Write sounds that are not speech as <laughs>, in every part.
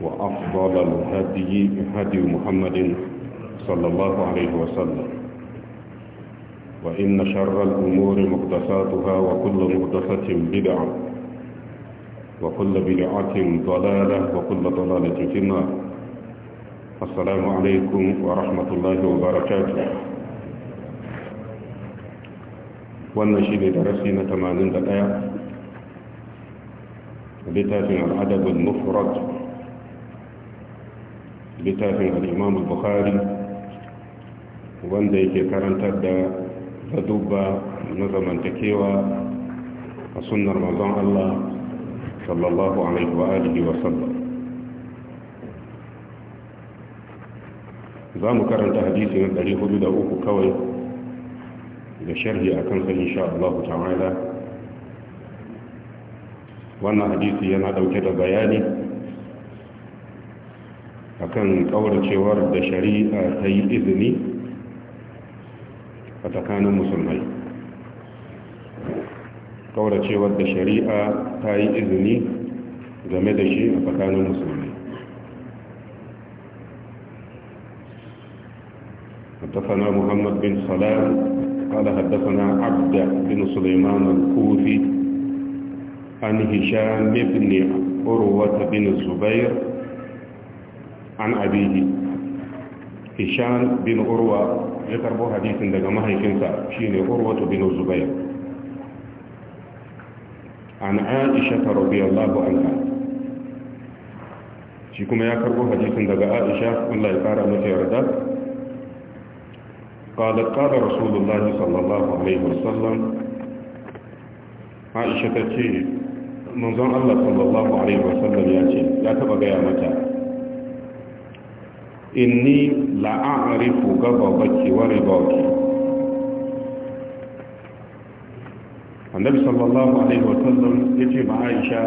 وأفضل الهدي هدي محمد صلى الله عليه وسلم وإن شر الأمور مقدساتها وكل مقدسة بدعة وكل بدعة ضلالة وكل ضلالة في النار السلام عليكم ورحمة الله وبركاته wannan درسنا ne darasi na 81 littafin littafin al'imam al-bukhari wanda yake karantar da zadubba na zamantakewa a sunar mazan Allah sallallahu alaihi wa alihi wa sallam za mu karanta hadisi na 403 kawai da sharhi a kansa insha Allah ta'ala wannan hadisi yana dauke da bayani akan kauracewar da shari'a ta yi izini a tsakanin musulmai kauracewar da shari'a ta yi izini game da shi a tsakanin musulmai حدثنا محمد بن سلام قال حدثنا عبد بن سليمان الكوفي عن هشام بن عروة بن الزبير an abihi hisham bin urwa ya karbo hadisin daga mahaifinsa shine urwatu bin zubair an aisha ta radiyallahu anha shi kuma ya karbo hadisin daga aisha Allah ya fara mata yarda قالت قال رسول الله صلى الله عليه وسلم عائشة تشير منظر الله صلى الله عليه وسلم يأتي لا تبقى inni la'arifu gababaki wa ribaki annabi sallallahu alaihi wa sallam ya ce ma aisha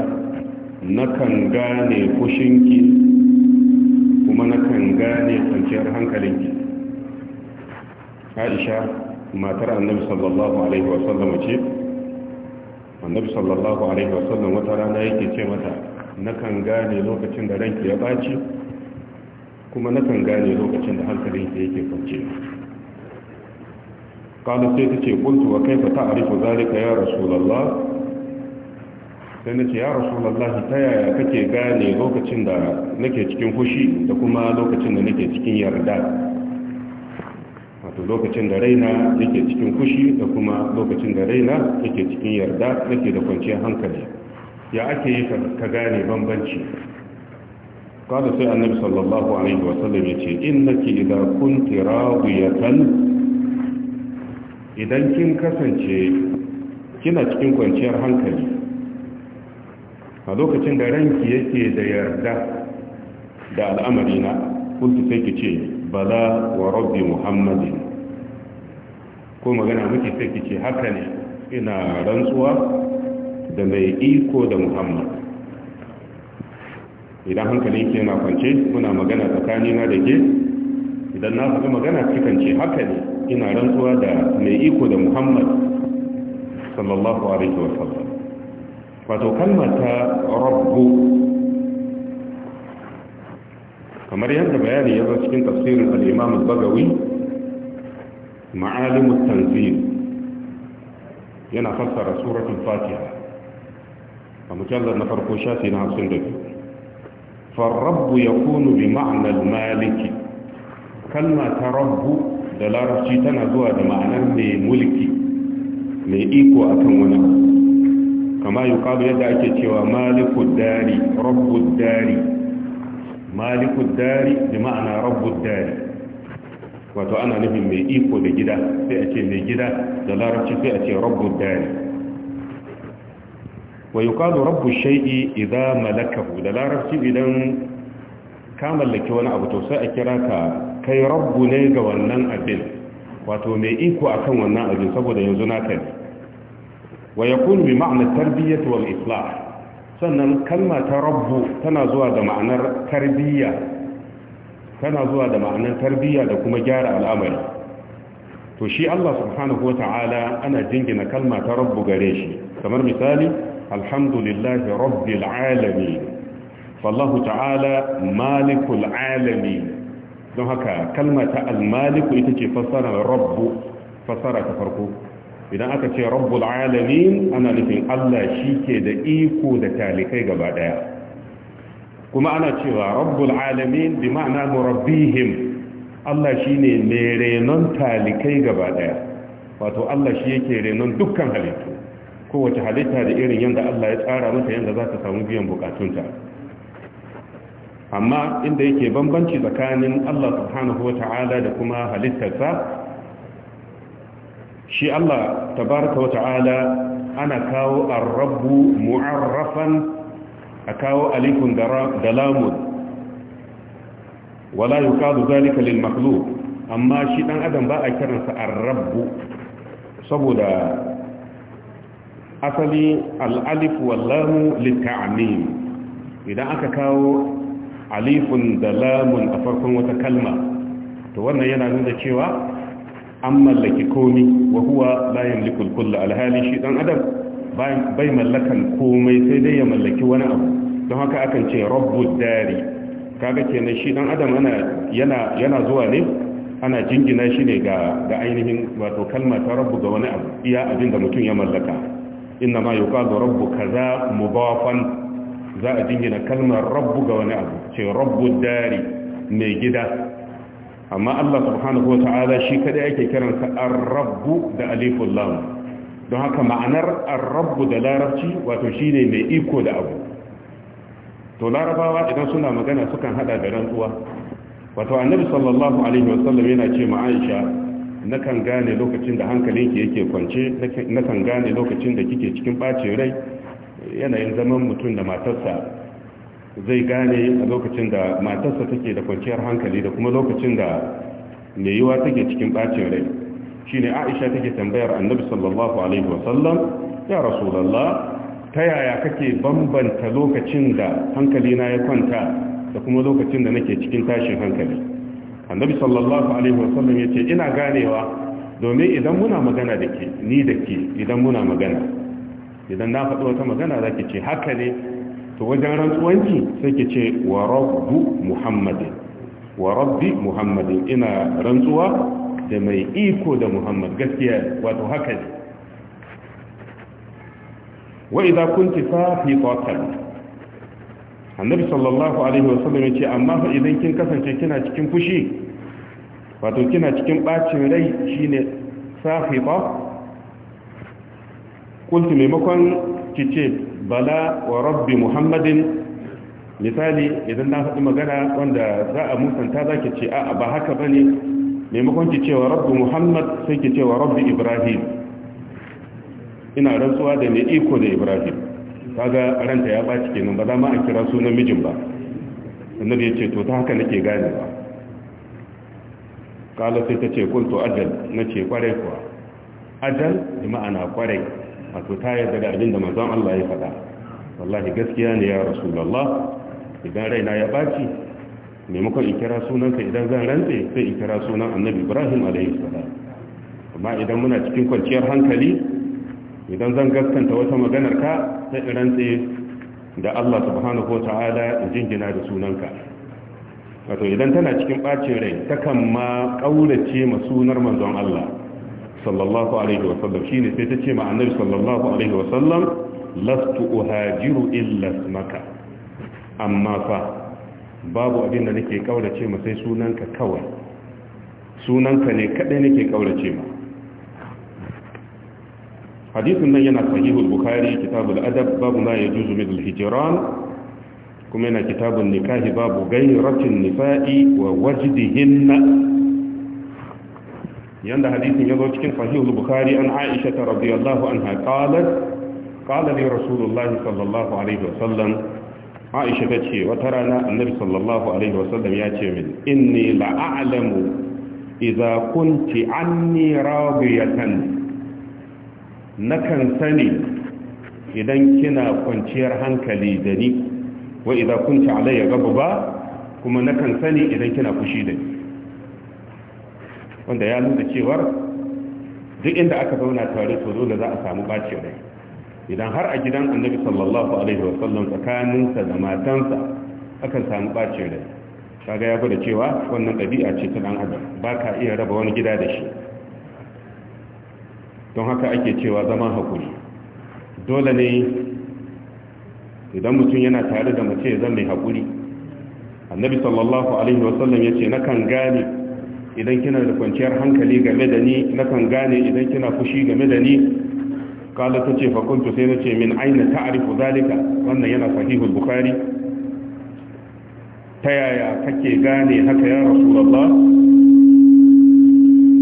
nakan gane fushinki kuma nakan gane kwanciyar hankalinki aisha matar annabi sallallahu alaihi wa wasallam ce annabi sallallahu alaihi wa sallam wata rana yake ce mata nakan gane lokacin da ranki ya baci kuma na kan gane lokacin da hankalin hankalinsa yake kwanci kala sai ta ce kuntu wa kaifa ta'rifu zalika ya rasulullah sai na ce ya rasulullah ta yaya kake gane lokacin da nake cikin hushi da kuma lokacin da nake cikin yarda wato lokacin da raina yake cikin hushi da kuma lokacin da raina yake cikin yarda nake da kwanciyar hankali ya ake yi ka gane bambanci kada sai annabi sallallahu alaihi sallam ya ce innaki idan kunti radiyatan idan kin kasance kina cikin kwanciyar hankali a lokacin da ranki yake da yarda da al'amari na kuntu sai ki ce bala wa rabbi muhammadin ko magana muke sai ki ce haka ne ina rantsuwa da mai iko da muhammad idan hankalin ke na kwance muna magana tsakanina da ke idan na faɗi magana cikin ce haka ne ina rantsuwa da mai iko da muhammad sallallahu alaihi wa sallam wato kalmar ta rabbu kamar yadda bayani ya cikin tafsirin al-imam al-bagawi yana fassara suratun fatiha a mujallar na farko shafi na biyu. farrabbu ya kunu bi ma'anar maliki kalma ta rabbu da larabci tana zuwa da ma'anar mai mulki mai iko akan wani kama yi yadda ake cewa malikuddari, dari malikuddari da ma'ana rabbu wato ana nufin mai iko da gida sai a ce mai gida da larabci sai a ce rabbu wa yuqalu rabbu shay'i idza malakahu da larabci idan ka mallaki wani abu to sai a kira ka kai rabbu ne ga wannan abin wato mai iko akan wannan abin saboda yanzu na kai wa yakunu bi ma'anar tarbiyyar wal islah sannan kalma ta rabbu tana zuwa da ma'anar tarbiyya tana zuwa da ma'anar tarbiyya da kuma gyara al'amari to shi Allah subhanahu wa ta'ala ana jingina kalma ta rabbu gare shi kamar misali alhamdulillahi rabbil alamin fallahu ta'ala malikul alamin don haka kalma ta almaliku ita ce fassara rabbu fassara ta farko idan aka ce rabbul alamin ana nufin Allah shi ke da iko da talikai gaba daya kuma ana cewa rabbul alamin bi ma'ana murabbihim Allah shi ne mai renon talikai gaba daya wato Allah shi yake renon dukkan halittu kowace halitta da irin yadda Allah ya tsara mata yadda za ta samu biyan bukatunta amma inda yake bambanci tsakanin Allah subhanahu wa ta'ala da kuma halittarsa shi Allah tabaraka wa ta'ala ana kawo ar rabu mu'arrafan a kawo alikun da lamun wala kadu zalika lil makhluq amma shi dan adam ba a kiransa ar rabu. saboda asali al-alif wal idan aka kawo alifun da lamun a farkon wata kalma to wannan yana nuna cewa an mallaki komi wa huwa la yamliku shi dan adam bai mallakan komai sai dai ya mallaki wani abu don haka akan ce rabbud dari kaga kenan shi dan adam yana yana zuwa ne ana jingina shi ne ga ga ainihin wato kalma ta rabbu ga wani abu iya abin da mutum ya mallaka inna ma yuqalu rabbu kaza mudafan za a jingina kalmar rabbu ga wani abu ce rabbu dari mai gida amma Allah subhanahu wata'ala shi kaɗai ake kiran ar-rabbu da aliful lam don haka ma'anar ar-rabbu da larabci wato shine mai iko da abu to larabawa idan suna magana sukan hada da rantsuwa wato annabi sallallahu alaihi wasallam yana ce ma Aisha nakan gane lokacin da hankalinki yake kwance nakan gane lokacin da kike cikin bacin rai yanayin zaman mutum da matarsa zai gane a lokacin da matarsa take da kwanciyar hankali da kuma lokacin da mai yiwa take cikin bacin rai shine Aisha take tambayar annabi sallallahu alaihi wasallam ya rasulullah ta yaya kake bambanta lokacin da hankalina ya kwanta da kuma lokacin da nake cikin tashin hankali annabi sallallahu alaihi wasallam yace ina ganewa domin idan muna magana da ke ni da ke idan muna magana idan na faɗi wata magana zaki ce haka ne to wajen rantsuwanci sai ki ce wa rabbu muhammadin wa rabbi muhammadin ina rantsuwa da mai iko da muhammad gaskiya wato haka ne wa idza kunti safitatan annabi sallallahu alaihi wasallam ya ce amma fa idan kin kasance kina cikin fushi wato kina cikin bacin rai shine safita kulti maimakon ki ce bala wa rabbi muhammadin misali idan na faɗi magana wanda za a musanta za ki ce a ba haka ba ne maimakon ki ce wa rabbi muhammad sai ki ce wa rabbi ibrahim ina rantsuwa da ne iko da ibrahim kaga ranta ya baci kenan ba za ma an kira sunan mijin ba annabi ya ce to ta haka nake gane ba kala sai ta ce kuntu ajal na ce kwarai kuwa ajal da ma'ana kwarai wato ta yarda da abin da manzon Allah ya faɗa wallahi gaskiya ne ya rasulullah idan raina ya baci maimakon in kira sunanka idan zan rantse sai in kira sunan annabi ibrahim alaihi salam amma idan muna cikin kwanciyar hankali idan zan gaskanta wata maganar ka sai in rantse da Allah subhanahu wa ta'ala in jingina da sunanka wato idan tana cikin bacin rai takan ma ƙaurace ma sunar manzon Allah sallallahu alaihi wa sallam shine sai ta ce ma annabi sallallahu alaihi wa sallam lastu uhajiru illa maka. amma fa babu abin da nake kaurace ma sai sunanka kawai sunanka ne kadai nake ƙaurace ma حديث من ينا صحيح البخاري كتاب الأدب باب ما يجوز من الهجران كمنا كتاب النكاه باب غيرة النفاء ووجدهن يندى حديث يضوج كن صحيح البخاري عن عائشة رضي الله عنها قالت قال لي رسول الله صلى الله عليه وسلم عائشة تشي وترانا النبي صلى الله عليه وسلم يا من إني لأعلم إذا كنت عني راضية nakan sani idan kina kwanciyar hankali da ni wa idza kunta alayya ghadaba kuma na kan sani idan kina fushi da ni wanda ya nuna cewar duk inda aka zauna tare to dole za a samu bace rai idan har a gidan annabi sallallahu alaihi wa sallam tsakaninsa da matansa akan samu bacin rai kaga ya gwada cewa wannan ɗabi'a ce ta dan adam ba iya raba wani gida da shi don haka ake cewa zaman hakuri dole ne idan mutum yana tare da mace zan zama hakuri annabi sallallahu alaihi wasallam ya ce na kan gane idan kina da kwanciyar hankali game da ni na kan gane idan kina fushi game da ni kala ta ce fakuntu sai na ce min aina ta'arifu zalika wannan yana sahihul bukhari ta yaya kake gane haka ya rasulullah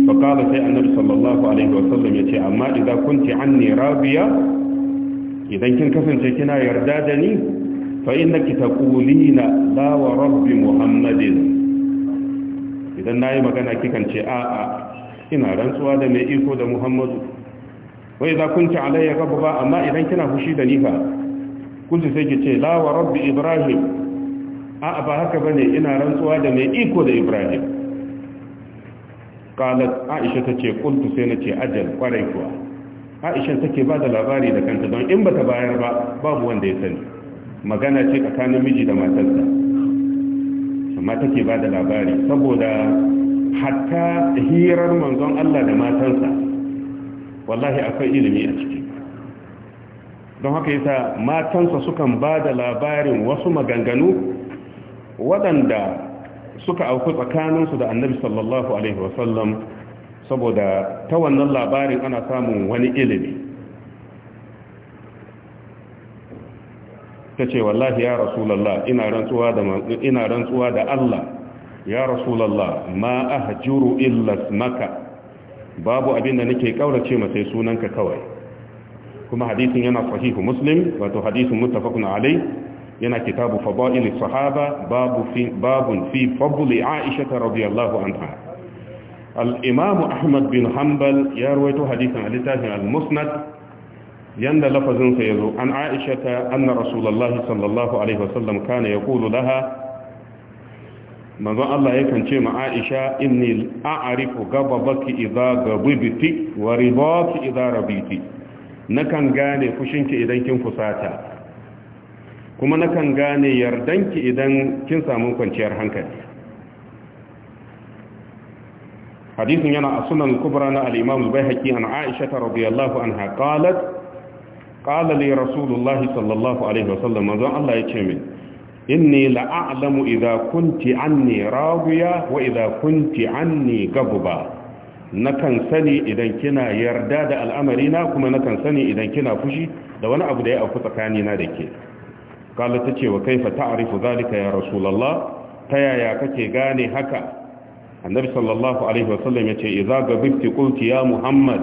fa qala sai annabi sallallahu alaihi wasallam yace amma idza kunti anni rabiya idan kin kasance kina yarda da ni fa innaki taqulina la wa rabbi muhammadin idan nayi magana kikan ce a ina rantsuwa da mai iko da muhammadu wa idza kunti alayya ghadaba amma idan kina fushi da sai rabbi ibrahim a ba haka bane ina rantsuwa da mai iko da ibrahim qalat aisha tace qultu sai nace ajal kwarai kuwa aisha take ba da labari da kanta don in bata bayar ba babu wanda ya sani magana ce tsakanin miji da matarsa amma take ba da labari saboda hatta hirar manzon Allah da matarsa wallahi akwai ilimi a ciki don haka yasa matansa sukan ba da labarin wasu maganganu waɗanda suka auku tsakaninsu da annabi sallallahu alaihi wasallam saboda ta wannan labarin ana samun wani ilimi ta ce wallahi ya rasulallah ina rantsuwa da Allah ya rasulallah ma ahjuru illa maka babu abin da nake kaurace ma sai sunanka kawai kuma hadisin yana sahihu muslim wato hadisin muttafaqun alai yana kitabu fada'il sahaba babu fi babun fi fadli aisha radiyallahu anha al-imam ahmad bin hanbal ya rawaito hadisin a littafin al-musnad yanda lafazin sa yazo an aisha anna rasulullahi sallallahu alaihi wasallam kana yaqulu laha manzon Allah yakan ce ma Aisha inni a'rifu gababaki idza gabibti wa ridaki idza rabiti nakan gane fushinki idan kin fusata kuma nakan gane yardanki idan kin samu kwanciyar hankali hadisin yana a sunan kubra na al-imam al an aisha radiyallahu anha qalat qala rasulullah sallallahu alaihi wasallam manzon Allah yace min inni la'alamu idha kunti anni raguya wa idha kunti anni gabba nakan sani idan kina yarda da al'amarina kuma nakan sani idan kina fushi da wani abu da ya auku tsakanina da ke kala ta ce wa kaifa ta'rifu zalika ya rasulullah ta yaya kake gane haka annabi sallallahu alaihi wasallam yace idza gabti qulti ya muhammad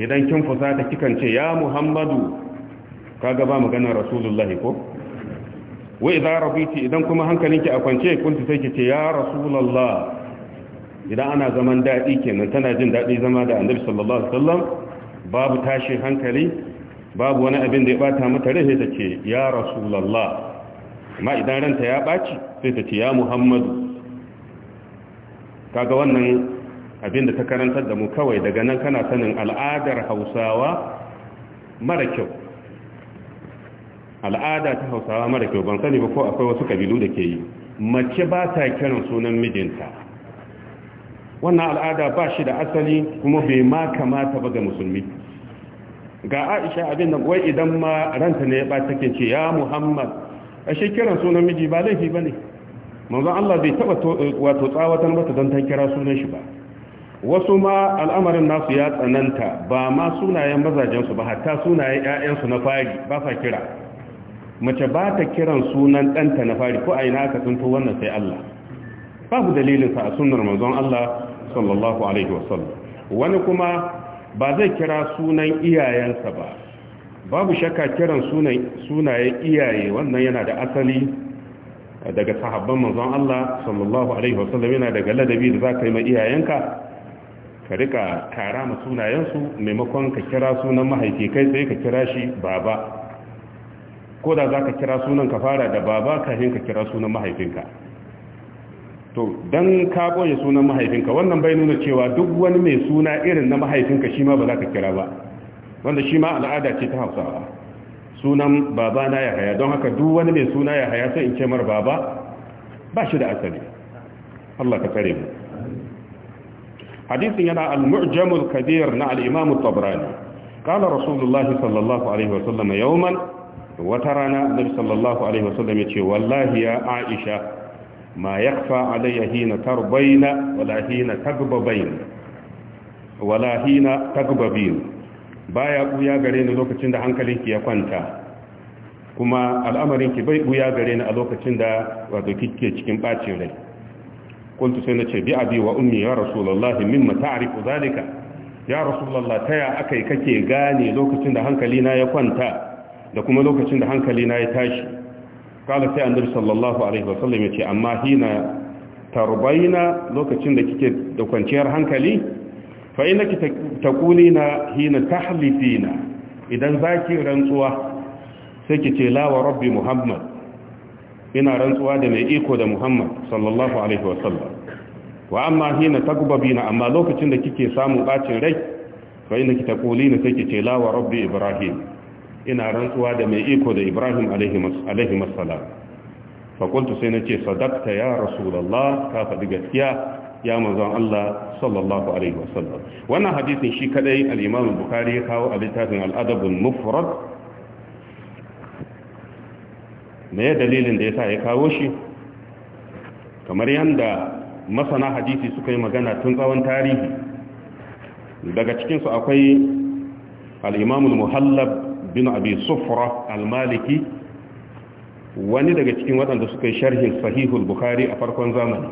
idan kin fusata kikan ce ya muhammadu kaga ba magana rasulullah ko wa idza rabiti idan kuma hankalinki a kwance kunti sai ki ya rasulullah idan ana zaman daɗi kenan tana jin daɗi zama da annabi sallallahu alaihi wasallam babu tashin hankali babu wani abin da ya bata mata rai sai ta ce ya rasulullah amma idan ranta ya baci sai ta ce ya muhammadu kaga wannan abin da ta karantar da mu kawai daga nan kana sanin al'adar hausawa mara kyau al'ada ta hausawa mara kyau ban sani ba ko akwai wasu kabilu da ke yi mace ba ta kiran sunan mijinta wannan al'ada ba shi da asali kuma bai ma kamata ba ga musulmi ga aisha abin da wai idan ma ranta ne ya ba take ce ya muhammad ashe kiran sunan miji ba laifi ba ne manzon allah bai taba wato tsawatan bata don ta kira sunan shi ba wasu ma al'amarin nasu ya tsananta ba ma sunayen mazajensu ba hatta sunayen 'ya'yansu na fari ba sa kira mace ba ta kiran sunan ɗanta na fari ko a ina aka tsinto wannan sai allah babu dalilinsa a sunar manzon allah sallallahu alaihi wasallam wani kuma ba zai kira sunan iyayensa ba babu shakka kiran sunayen iyaye wannan yana da asali daga sahabban manzon Allah sallallahu alaihi wasallam yana daga ladabi da zaka yi ma iyayenka ka rika kara ma sunayensu maimakon ka kira sunan mahaifi kai sai ka kira shi baba ko da zaka kira sunan ka fara da baba kafin ka kira sunan mahaifinka to dan ka boye sunan mahaifinka wannan bai nuna cewa duk wani mai suna irin na mahaifinka shi ma ba za ka kira ba wanda shi ma al'ada ce ta hausawa sunan baba na ya haya don haka duk wani mai suna ya haya sai in ce mar baba ba shi da asali Allah ka tsare mu hadisin yana al-mu'jamul kabir na al-imam at-tabrani qala rasulullah sallallahu alaihi wasallam yawman wata rana nabi sallallahu alaihi wasallam ya ce wallahi ya aisha ma yakfa alayya hina tarbaina wala hina tagbabain wala hina tagbabin baya buya gare ni lokacin da hankalinki ya kwanta kuma al'amarin ki bai buya gare ni a lokacin da wato kike cikin bacin rai kuntu sai nace bi abi wa ummi ya rasulullahi mimma ta'rifu zalika ya rasulullah taya akai kake gane lokacin da hankalina ya kwanta da kuma lokacin da hankalina ya tashi kala sai annabi sallallahu alaihi wasallam yace amma hina tarbaina lokacin da kike da kwanciyar hankali fa innaki taqulina hina tahlifina idan zaki rantsuwa sai kice la wa rabbi muhammad ina rantsuwa da mai iko da muhammad sallallahu alaihi wasallam wa amma hina taqbabina amma lokacin da kike samun bacin rai fa innaki taqulina sai kice la wa rabbi ibrahim ina rantsuwa da mai iko da ibrahim alaihi fakultu sai na ce sadakta ya rasulallah ka faɗi gaskiya ya manzon Allah sallallahu alaihi wasallam wannan hadisin shi kadai al'imamin imam ya kawo a littafin al-adab al me dalilin da ya sa ya kawo shi kamar yadda masana hadisi suka yi magana tun tsawon tarihi daga cikinsu akwai al'imamul muhallab bin abi sufra al-maliki wani daga cikin waɗanda suka yi sharhin sahihul bukhari a farkon zamani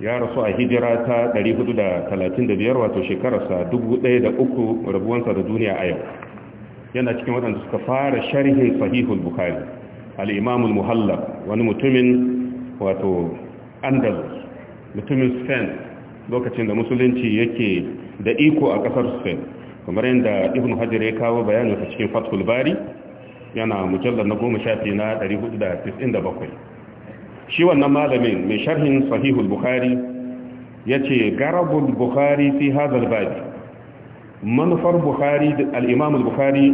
ya rasu a hijira ta 435 wato shekararsa 1003 rabuwansa da duniya a yau yana cikin waɗanda suka fara sharhin sahihul bukhari al-imamul muhallab wani mutumin wato andalus mutumin spain lokacin da musulunci yake da iko a ƙasar spain kamar yadda ibn hajar ya kawo bayanin sa cikin fathul bari yana mujallar na goma shafi na 497 shi wannan malamin mai sharhin sahihul bukari ya ce garabul bukari fi hazal babi manufar bukhari al'imamul bukari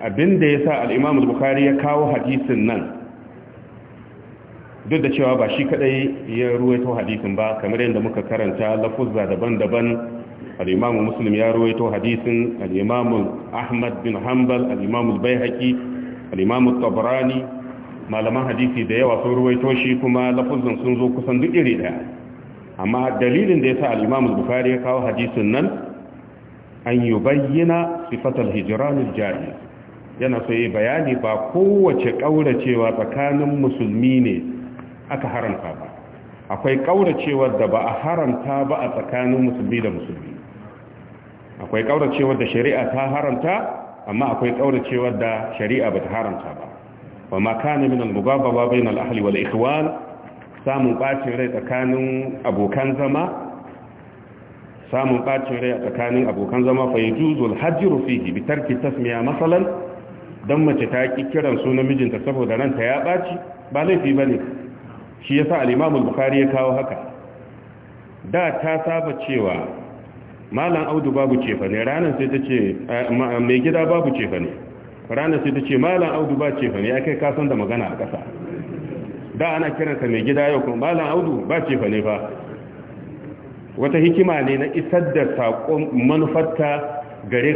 abinda ya sa al'imamul bukari ya kawo hadisin nan duk da cewa ba shi kadai ya ruwaito hadisin ba kamar yadda muka karanta lafuzza daban-daban al-imam muslim ya ruwaito hadisin al ahmad bin hanbal al-imam al-baihaqi malaman hadisi da yawa sun ruwaito shi kuma lafuzin sun zo kusan duk iri ɗaya. amma dalilin da ya sa imam al-bukhari ya kawo hadisin nan an yubayyana sifatal hijran al-jari yana so yi bayani ba kowace ƙauracewa tsakanin musulmi ne aka haramta ba akwai kauracewar da ba a haramta ba a tsakanin musulmi da musulmi akwai kauracewar da shari'a ta haramta amma akwai kauracewar da shari'a bata haramta ba wa ma kana min al-mughababa bain al-ahli wal ikhwan samun bacin rai tsakanin abokan zama samun bacin rai tsakanin abokan zama fa yujuzu al-hajru fihi bi tarki tasmiya masalan dan mace ta ki kiran sunan mijinta saboda nan ta ya baci ba laifi bane shi yasa al-imam al-bukhari ya kawo haka da ta saba cewa malan audu babu cefa ne ranar sai ta ce mai gida babu cefa ne ranar sai ta ce malam audu ba cefa ne ya kai kasan da magana a ƙasa da ana kiransa mai gida yau kuma malan audu ba cefa ne fa wata hikima ne na isar da saƙon manufarta gare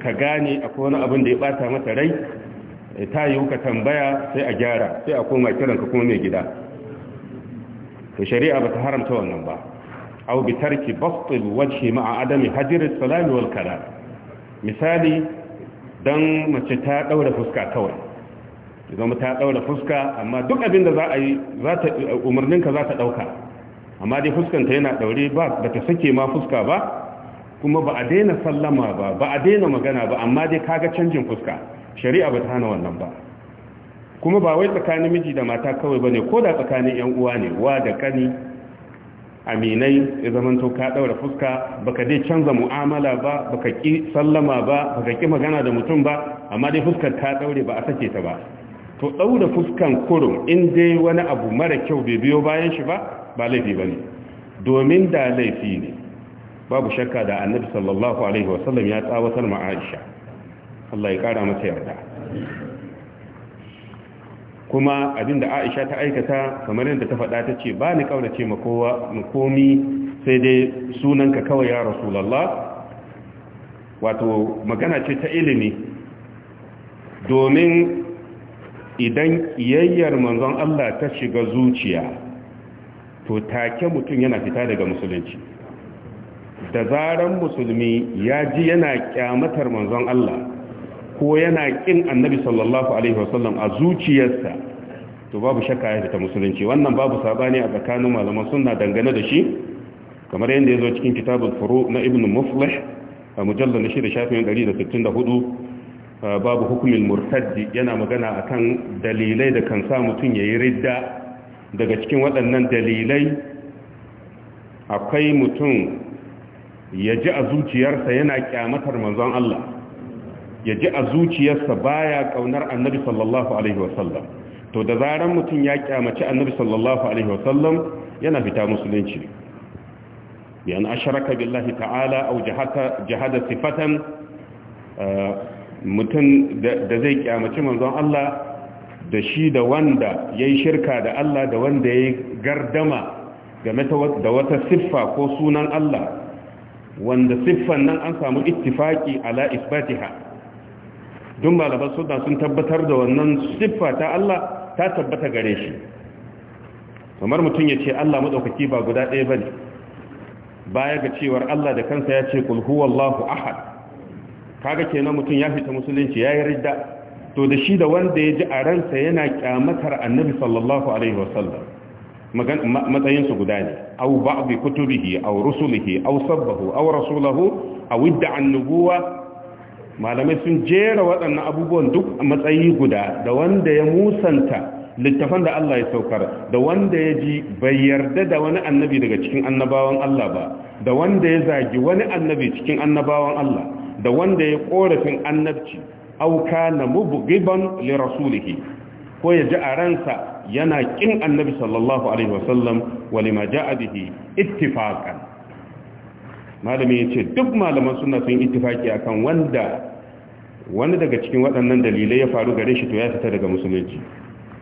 ka gane akwai wani abin da ya ɓata mata rai eh, ta yi ka tambaya sai a gyara sai a koma kiranka kuma mai gida to shari'a ba ta haramta wannan ba aw bi tarki bast alwajhi ma'a adami hajr as-salam wal misali dan mace ta daura fuska kawai zama ta daura fuska duk abin da za a yi za ta umarninka za ta dauka amma dai fuskanta yana daure ba ba ta sake ma fuska ba kuma ba a daina sallama ba ba a daina magana ba amma dai kaga canjin fuska shari'a ba ta hana wannan ba kuma ba wai tsakanin miji da mata kawai bane ko da tsakanin yan uwa ne wa da kani aminai ya zaman to ka daura fuska baka dai canza mu'amala ba baka ki sallama ba baka ki magana da mutum ba amma dai fuskar ka daure ba a sake ta ba to daura fuskan kurum in dai wani abu mara kyau bai biyo bayan shi ba ba laifi bane domin da laifi ne babu shakka da annabi sallallahu alaihi wasallam ya tsawatar ma Aisha Allah ya kara mata yarda kuma abinda aisha ta aikata kamar yadda ta faɗa ta ce ba ni ƙaunace ma komi sai dai sunanka kawai ya Rasulullah wato magana ce ta ilimi domin idan iyayyar manzon Allah ta shiga zuciya to take mutum yana fita daga musulunci da zaran musulmi ya ji yana kyamatar manzon Allah ko yana kin annabi sallallahu alaihi wasallam a zuciyarsa to babu shakka ya fita musulunci wannan babu sabani a tsakanin malaman sunna dangane da shi kamar yadda ya zo cikin kitabul furu na ibn muflih a mujallar na shida shafin 164 babu hukumin murtaddi yana magana akan dalilai da kan sa mutum yayi ridda daga cikin waɗannan dalilai akwai mutum ya ji a zuciyarsa yana kyamatar manzon Allah ya ji a zuciyarsa baya kaunar annabi sallallahu alaihi wasallam to da zaran mutum ya kyamaci annabi sallallahu alaihi wasallam yana fita musulunci Yan an asharaka billahi ta'ala aw jahata jahada sifatan eh, mutum da zai kyamaci manzon Allah da shi da wanda yayi shirka da Allah da wanda yayi gardama game da wata siffa ko sunan Allah wanda siffan nan an samu ittifaki ala isbatiha duk malaman sunna sun tabbatar da wannan siffa ta Allah ta tabbata gare shi kamar mutum ya ce Allah maɗaukaki ba guda ɗaya ba ne. baya ga cewar Allah da kansa ya ce kulhu Wallahu ahad kaga kenan mutum ya fita musulunci ya yarda. to da shi da wanda ya ji a ransa yana kyamatar annabi sallallahu alaihi wasallam matsayin su guda ne aw ba'd kutubihi aw rusulihi aw sabbahu aw rasulahu aw idda an-nubuwa malamai sun jera waɗannan abubuwan duk a matsayi guda da wanda ya musanta littafan da Allah ya saukar da wanda ya ji bai yarda da wani annabi daga cikin annabawan Allah ba da wanda ya zagi wani annabi cikin annabawan Allah da wanda ya korafin annabci auka na mubgiban li rasulihi ko ya ji a ransa yana kin annabi sallallahu alaihi wasallam lima ja'a bihi ittifaqan malami ya ce duk malaman suna sun ittifaki akan wanda wani daga cikin waɗannan dalilai ya faru gare shi to ya fita daga musulunci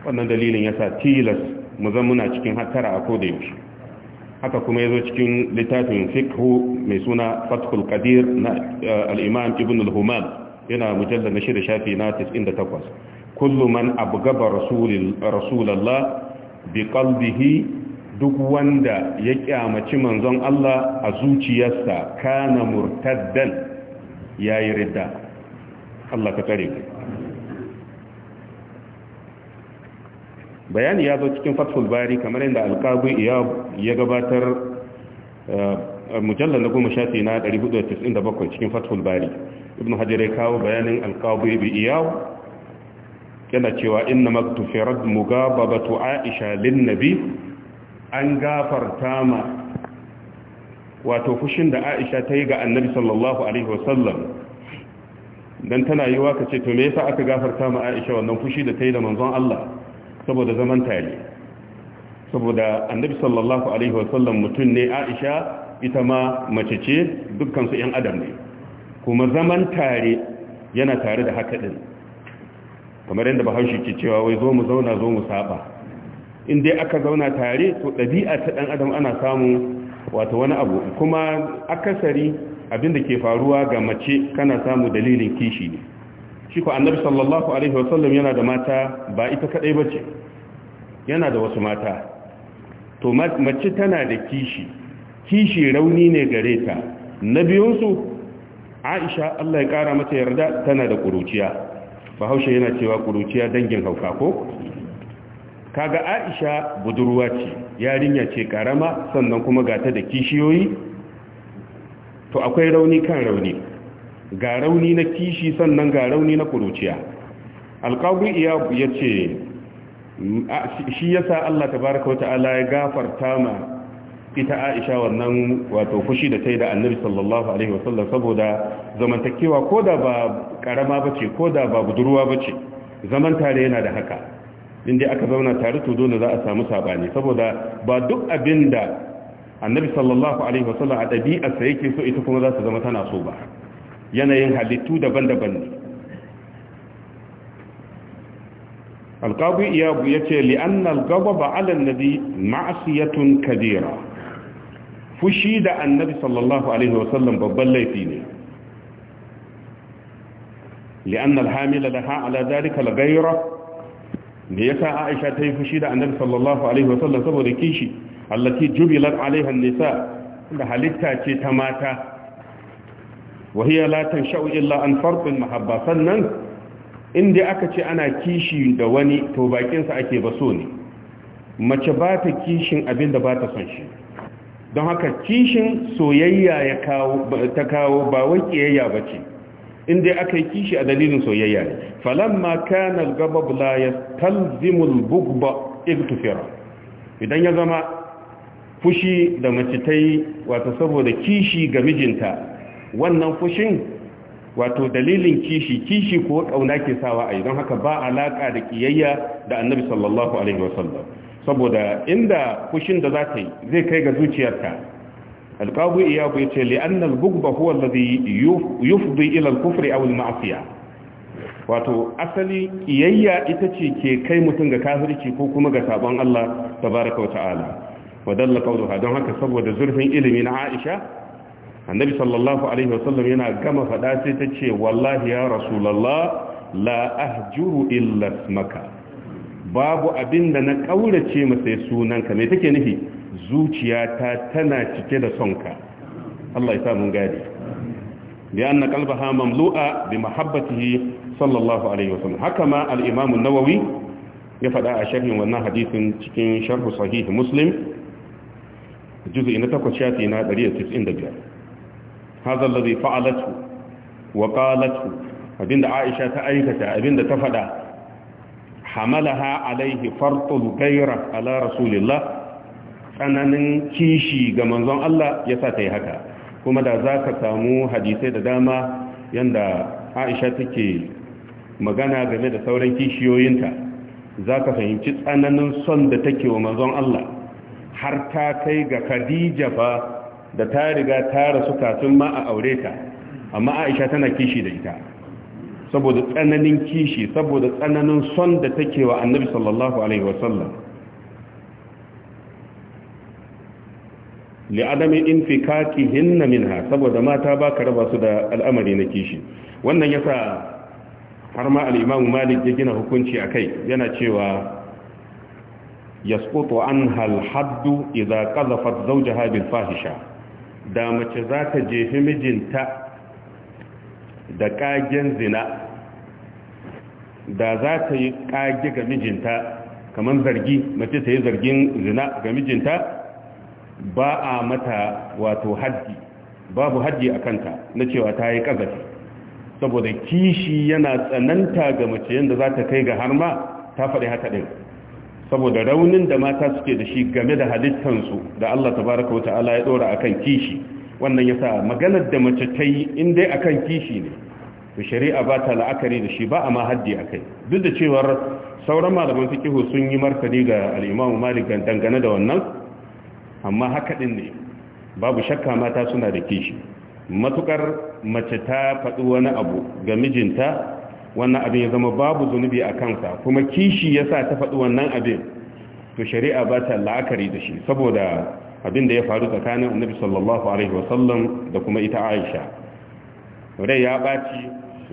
wannan dalilin ya sa tilas mu zan muna cikin hattara a koda yaushe haka kuma ya zo cikin littafin fikhu mai suna fatkul qadir na eh, al'imam ibn al-human yana mujallar na shida shafi na 98 kullu man abgaba rasulallah bi qalbihi duk wanda ya kyamaci manzon Allah a zuciyarsa kana murtaddan yayi ridda Allah ka tsare ku bayani ya zo cikin fathul bari kamar yadda alqabi ya gabatar eh, mujallal na goma shafi na 497 cikin fathul bari ibn hajar ya kawo bayanin alqabi bi iyaw yana cewa inna maktufirat mugababatu aisha lin nabi an gafarta ma wato fushin da aisha ta yi ga annabi sallallahu alaihi wasallam don tana yi waka ce to me yasa aka gafarta ma aisha wannan fushi da ta yi da manzon Allah saboda zaman tare saboda annabi sallallahu alaihi wasallam mutum ne aisha ita ma mace ce dukkansu 'yan adam ne kuma zaman tare yana tare da haka din kamar yadda bahaushe ke cewa wai zo mu zauna zo mu saba in dai aka zauna tare to ɗabi'a ta ɗan adam ana samu wato wani abu kuma akasari abinda ke faruwa ga mace kana samu dalilin kishi ne shi ko annabi sallallahu alaihi wasallam yana da mata ba ita kadai bace yana da wasu mata to mace tana da kishi kishi rauni ne gare ta na biyunsu aisha allah ya kara mata yarda tana da kuruciya bahaushe yana cewa ƙuruciya dangin hauka ko kaga aisha budurwa ce yarinya ce karama sannan kuma gata da kishiyoyi to akwai rauni kan rauni ga rauni na kishi sannan ga rauni na kuruciya alƙawar iya ya ce shi ya sa Allah tabaraka wata'ala ya gafarta ma ita aisha wannan wato fushi da ta yi da annabi sallallahu alaihi wasallam saboda zamantakewa ko da ba karama ba ce ko da ba budurwa ba ce zaman tare yana da haka inda aka zauna tare to dole za a samu sabani saboda ba duk abin da annabi sallallahu alaihi wasallam a ɗabi'arsa yake so ita kuma za su zama tana so ba yanayin halittu daban-daban ne alƙawi iyabu ya ce li'annal gaba ba alal nabi ma'asiyatun kadira fushi da annabi sallallahu alaihi wasallam babban laifi ne li'annal hamila laha ala zalika la me yasa Aisha ta yi fushi da Annabi sallallahu alaihi wasallam saboda kishi allati jubilat alaiha nisa da halitta ce ta mata wa hiya la tansha'u illa an farqin mahabba sannan inda aka ce ana kishi da wani to bakin sa ake so ne mace ba ta kishin abin da ba ta son shi don haka kishin soyayya ya kawo ta kawo ba wai kiyayya bace in dai aka yi kishi a dalilin soyayya ne falamma kana al-ghadab la yastalzimu al-bughba igtifara idan ya zama fushi da mace ta yi wato saboda kishi ga mijinta wannan fushin wato dalilin kishi kishi ko kauna ke sawa a don haka ba alaka da kiyayya da annabi sallallahu alaihi wasallam saboda inda fushin da za yi zai kai ga zuciyarta alqabu iyabu yace li anna al-bughba huwa alladhi yufdi ila al-kufri aw wato asali kiyayya ita ce ke kai mutum ga kafirci ko kuma ga sabon Allah tabaraka wa ta'ala wa dalla qawluha don haka saboda zurfin ilimi na Aisha annabi sallallahu alaihi sallam yana gama fada sai ta ce wallahi ya rasulullah la ahjuru illa maka babu abinda na kaurace masa sunanka me take nufi zuciyata tana cike da sonka Allah ya samu gadi bi anna qalbaha mamlu'a bi mahabbatihi sallallahu alaihi wasallam haka ma al-imam an-nawawi ya fada a sharhin wannan hadisin cikin sharh sahih muslim juz'i na 8 shafi na 195 hadha alladhi fa'alatu wa qalatu abinda aisha ta aikata abinda ta fada hamalaha alaihi fartul gaira ala rasulillah tsananin kishi ga manzon Allah ya sa ta yi haka kuma da za ka samu hadisai da dama yanda aisha take magana game da sauran kishiyoyinta za ka fahimci tsananin son da take wa manzon Allah har ta kai ga khadija fa da ta riga ta rasu kafin ma a aure ta amma aisha tana kishi da ita saboda tsananin kishi saboda tsananin son da take wa annabi sallallahu alaihi wasallam li'adami infikakihinna minha saboda mata ba ka raba su da al'amari na kishi wannan yasa har ma al-Imam Malik ya gina hukunci akai yana cewa yasqutu anha al-hadd idza qadhafat zawjaha bil fahisha da mace za ta jefi mijinta da kagen zina da za ta yi kage ga mijinta kamar zargi mace ta yi zargin zina ga mijinta ba a mata wato haddi babu haddi a kanta na cewa ta yi ƙazafi saboda kishi yana tsananta ga mace yadda za ta kai ga har ma ta faɗi haka ɗin saboda raunin da mata suke da shi game da halittansu da Allah Ta baraka wa ta'ala ya ɗora a kan kishi wannan ya sa maganar da mace ta yi in dai kan kishi ne to shari'a ba ta la'akari da shi ba a ma haddi a kai duk da cewar sauran malaman fikihu sun yi martani ga al'imamu malik dangane da wannan amma haka ɗin ne babu shakka mata suna da kishi matukar mace ta faɗi wani abu ga mijinta wannan abin ya zama babu zunubi a kansa kuma kishi ya sa ta faɗi wannan abin to shari'a ba ta la'akari da shi saboda abin da ya faru tsakanin annabi sallallahu alaihi wasallam da kuma ita aisha rai ya ɓaci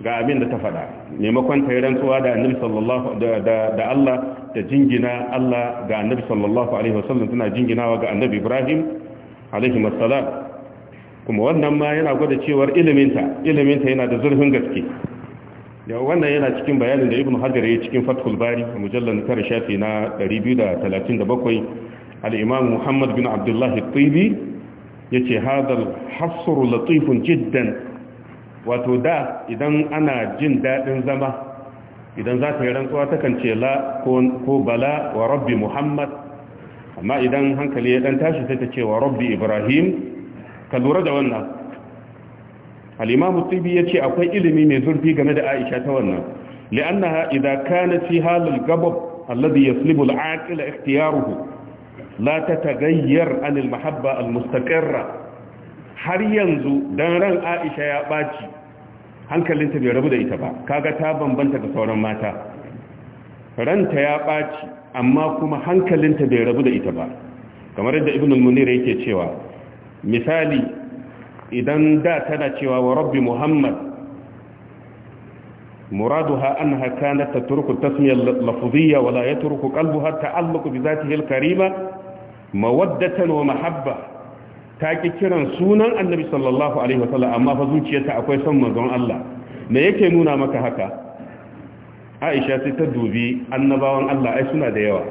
ga abin da ta faɗa maimakon ta yi rantsuwa da annabi sallallahu da Allah da jingina Allah ga annabi sallallahu alaihi wasallam tana jinginawa ga annabi Ibrahim alaihi wassalam kuma wannan ma yana gwada cewar iliminta iliminta yana da zurfin gaske ya wannan yana cikin bayanin da Ibn Hajar ya cikin Fathul Bari mujallal tar shafi na 237 al-Imam Muhammad bin Abdullah al-Tibi yace hadal hasr latifun jiddan wato da idan ana jin dadin zama idan za ta yi rantsuwa takan ce la ko bala wa rabbi muhammad amma idan hankali ya dan tashi sai ta ce wa rabbi ibrahim ka lura da wannan al'imamu tibi ya ce akwai ilimi mai zurfi game da aisha ta wannan li'annaha idza kana ci halil gabab alladhi yaslibu al-aqil ikhtiyaruhu la ta an al-mahabba al-mustaqirra har yanzu dan ran aisha ya baci hankalinta bai rabu da ita ba kaga ta bambanta da sauran mata ranta ya ɓaci amma kuma hankalinta bai rabu da ita ba kamar yadda ibn al-munir yake cewa misali idan da tana cewa wa rabbi muhammad muraduha annaha kanat tatruku tasmiya lafziyya wa la yatruku qalbuha ta'alluq bi dhatihi al-karima mawaddatan wa mahabba ta ki kiran sunan annabi sallallahu alaihi wasallam amma fa zuciyarta akwai son manzon Allah me yake nuna maka haka Aisha sai ta dubi annabawan Allah ai suna da yawa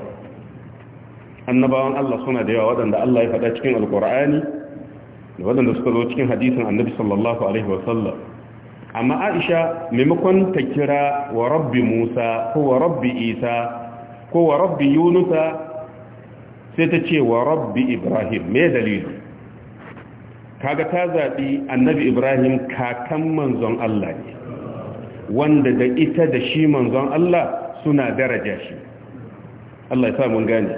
annabawan Allah suna da yawa waɗanda Allah ya faɗa cikin alkur'ani da waɗanda suka zo cikin hadisin annabi sallallahu alaihi wasallam amma Aisha maimakon ta kira wa rabbi Musa ko wa rabbi Isa ko wa rabbi Yunusa sai ta ce wa rabbi Ibrahim me dalilin? kaga ta zaɓi annabi ibrahim kakan manzon Allah ne wanda da ita da shi manzon Allah suna daraja shi Allah ya mun gane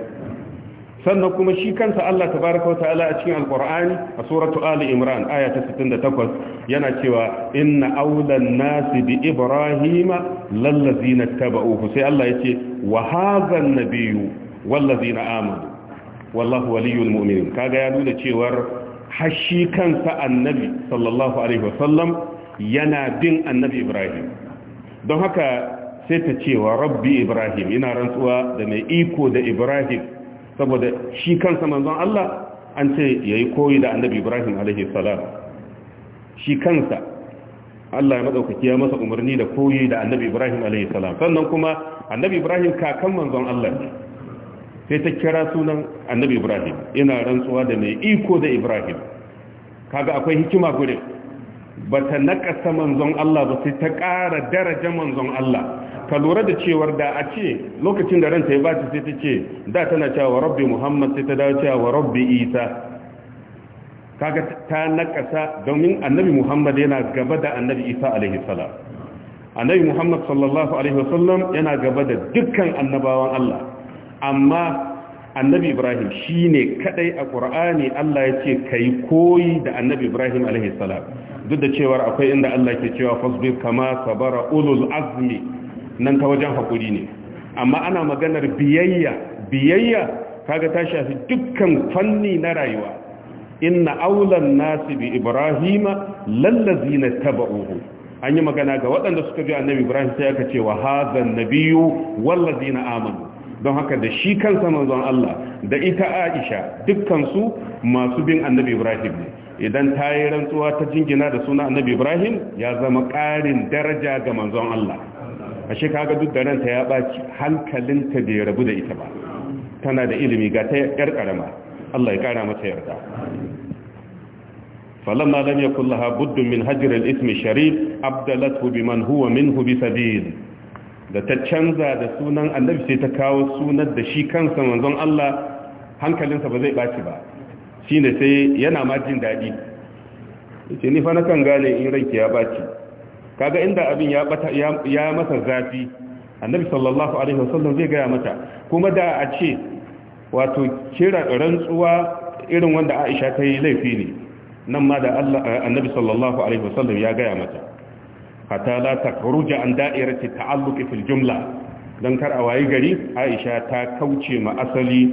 sannan kuma shi kansa Allah tabaraka wa ta'ala a cikin alqur'ani a suratu ali imran aya ta 68 yana cewa inna awlan nasi bi ibrahima lallazina tabauhu sai Allah yace wa hadha an-nabiyyu wallazina amanu wallahu waliyul mu'minin kaga ya nuna cewar hashi kansa annabi sallallahu alaihi wasallam yana bin annabi ibrahim don haka sai ta cewa rabbi ibrahim yana rantsuwa da mai iko da ibrahim saboda shi kansa manzon Allah an ce yayi koyi da annabi ibrahim alaihi salam shi kansa Allah ya madaukaki ya masa umarni da koyi da annabi ibrahim alaihi salam sannan kuma annabi ibrahim kakan manzon Allah ne sai ta kira sunan annabi ibrahim ina rantsuwa da mai iko da ibrahim kaga akwai hikima gurin ba ta nakasa manzon Allah ba sai ta ƙara daraja manzon Allah ka lura da cewar da a ce lokacin da ranta ya ta sai ta ce da tana cewa rabbi muhammad sai ta dawo cewa rabbi isa kaga ta nakasa domin annabi muhammad yana gaba da annabi isa alaihi salam annabi muhammad sallallahu alaihi wasallam yana gaba da dukkan annabawan allah amma annabi ibrahim shi ne kadai a ƙur'ani allah ya ce ka yi koyi da annabi ibrahim alaihissalam duk da cewar akwai inda allah ke cewa fasbir kama sabara ulul azmi nan ta wajen hakuri ne amma ana maganar biyayya biyayya kaga ta shafi dukkan fanni na rayuwa inna aulan nasi bi ibrahima lallazina taba'uhu an yi magana ga waɗanda suka bi annabi ibrahim sai aka ce wa hazan nabiyu wallazina amanu don haka da shi kansa manzon Allah da ita Aisha dukkansu masu bin annabi Ibrahim ne idan ta yi rantsuwa ta jingina da suna annabi Ibrahim ya zama ƙarin daraja ga manzon Allah ashe kaga duk da ranta ya baci hankalinta bai rabu da ita ba tana da ilimi ga ta yar karama Allah ya kara mata yarda falamma lam yakul laha buddun min hajr ismi sharif abdalatu biman huwa minhu da ta canza da sunan annabi sai ta kawo sunan da shi kansa manzon Allah hankalinsa ba zai ɓaci ba shine sai yana ma jin daɗi yace ni fa na kan gane in ranki ya ɓaci kaga inda abin ya bata ya masa zafi annabi sallallahu alaihi wasallam zai gaya mata kuma da a ce wato kira rantsuwa irin wanda Aisha ta yi laifi ne nan ma da Allah annabi sallallahu alaihi wasallam ya gaya mata hatta la takruja an da'irati ta'alluqi fil jumla dan kar a wayi gari Aisha ta kauce ma asali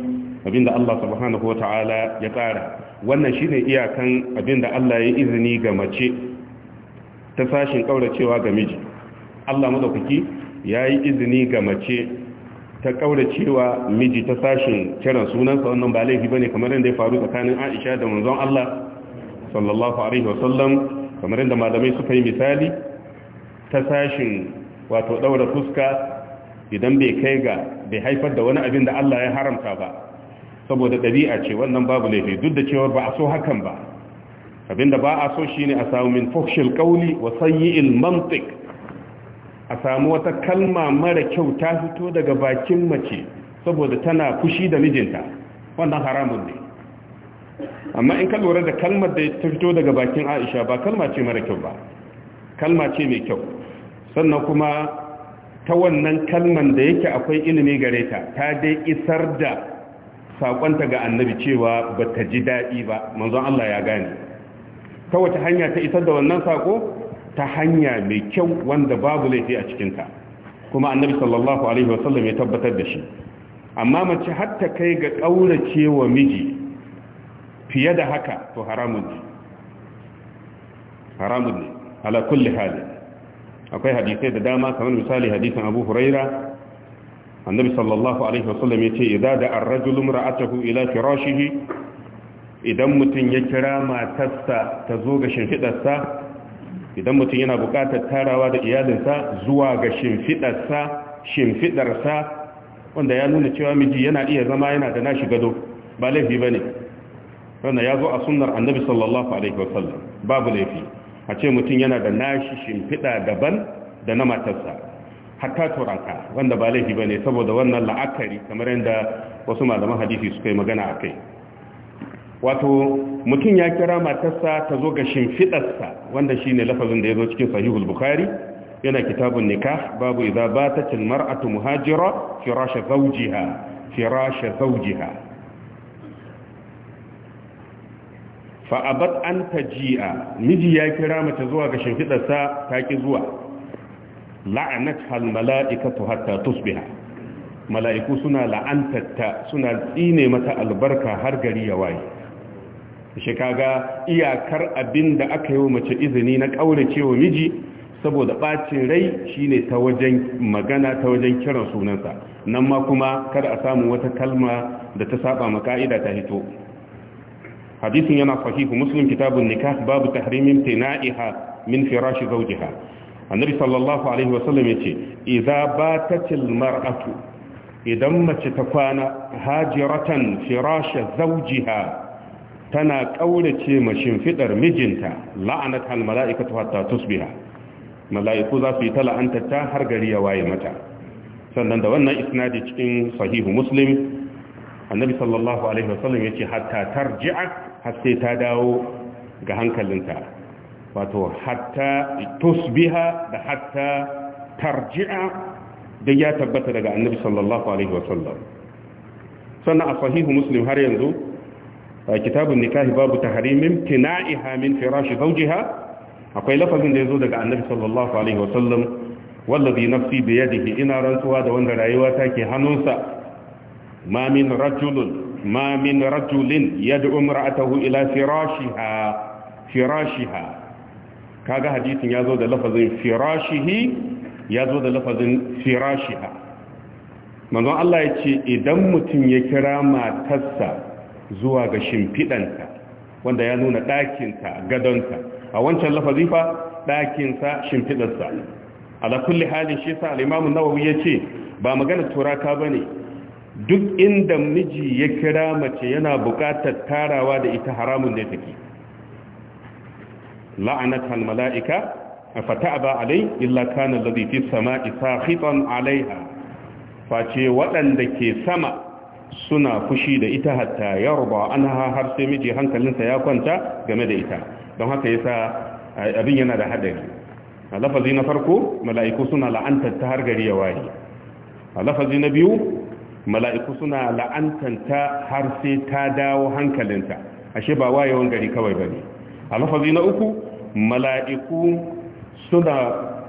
abinda Allah subhanahu wata'ala ya tsara wannan shine iyakan abinda Allah ya izini ga mace ta sashin kauracewa ga miji Allah madaukaki yayi izini ga mace ta kauracewa miji ta sashin kiran sunansa wannan ba laifi bane kamar yadda ya faru tsakanin Aisha da manzon Allah sallallahu alaihi wasallam kamar yadda malamai suka yi misali ta sashin wato daura fuska idan bai kai ga bai haifar da wani abin da Allah ya haramta ba saboda ɗabi'a ce wannan babu laifi duk da cewa ba a so hakan ba abinda ba a so shine a samu min fukhshil qawli wa sayyi'il mantiq a samu wata kalma mara kyau ta fito daga bakin mace saboda tana fushi da mijinta wannan haramun ne amma in ka lura da kalmar da ta fito daga bakin Aisha ba kalma ce mara kyau ba kalma ce mai kyau sannan kuma ta wannan kalman da yake akwai ilimi gare ta ta dai isar da sakonta ga annabi cewa ba ta ji daɗi ba manzon Allah ya gane ta wata hanya ta isar da wannan sako ta hanya mai kyau wanda babu laifi a cikinta kuma annabi sallallahu alaihi wasallam ya tabbatar da shi amma mace har ta kai ga ƙaurace wa miji fiye da haka to haramun ne haramun ne ala kulli hali akwai hadisai da dama kamar misali hadisin abu huraira annabi sallallahu alaihi wasallam ya ce idza da ar-rajulu imra'atahu ila firashihi idan mutum ya kira matarsa ta zo ga shimfidarsa idan mutum yana buƙatar tarawa da iyalinsa zuwa ga shimfidarsa shimfidarsa wanda ya nuna cewa miji yana iya zama yana da nashi gado ba laifi bane wannan ya zo a sunnar annabi sallallahu alaihi wasallam babu laifi a ce mutum yana da nashi shimfiɗa daban da na matarsa hatta turanka wanda ba laifi ba ne saboda wannan la'akari kamar yadda wasu malaman hadisi suka yi magana a kai wato mutum ya kira matarsa ta zo ga shimfiɗarsa wanda shi ne lafazin da ya zo cikin sahihul bukari yana kitabun nikah babu idza batatil mar'atu muhajira firasha zawjiha firasha zawjiha fa abat an taji'a miji ya kira mace zuwa ga shimfidarsa ta ki zuwa la'anat hal mala'ikatu hatta tusbiha mala'iku suna la'antatta suna tsine mata albarka har gari ya waye shi kaga iyakar abin da aka yi wa mace izini na kaure wa miji saboda bacin rai shine ta wajen magana ta wajen kiran sunansa nan ma kuma kada a samu wata kalma da ta saba ma ka'ida ta hito hadisin yana sahihu muslim kitabun nikah babu tahrimin tina'iha min firashi zawjiha annabi sallallahu alaihi wa wasallam yace idza batatil mar'atu idan mace ta kwana hajiratan firasha zawjiha tana kaurace mashin fidar mijinta la'anat al mala'ikatu hatta tusbiha mala'iku za su yi ta la'anta ta har gari ya waye mata sannan da wannan isnadi cikin sahihu muslim annabi sallallahu alaihi wa wasallam yace hatta tarji'a har sai ta dawo ga hankalinta wato hatta tusbiha da hatta tarji'a duk ya tabbata daga annabi sallallahu alaihi wasallam sannan a sahihu muslim har yanzu kitabun nikahi babu tahrimin tina'iha min firashi zawjiha akwai lafazin da yazo daga annabi sallallahu alaihi wasallam wallazi nafsi biyadihi ina rantsuwa da wanda rayuwa take hannunsa ma min rajulun ma min rajulin yad'u imra'atahu ila firashiha firashiha kaga hadisin yazo da lafazin firashihi yazo da lafazin firashiha manzon Allah yace idan mutum ya kira matarsa zuwa ga shimfidanta wanda ya nuna ɗakinta gadonta a wancan lafazi fa ɗakinsa shimfidarsa ala kulli halin shi sa al-imamu nawawi yace ba magana turaka bane duk inda miji ya kira mace yana buƙatar tarawa da ita haramun da take la'anat al mala'ika fata'aba alai illa kana alladhi fi sama'i sakhitan alaiha face waɗanda ke sama suna fushi da ita hatta yarba anha har sai miji hankalinsa ya kwanta game da ita don haka yasa eh, abin yana da hadari a lafazi na farko mala'iku suna la'antar ta har gari ya waye a lafazi na biyu mala'iku suna la'antanta har sai ta dawo hankalinta ashe ba wayewan gari kawai bane a lafazi na uku mala'iku suna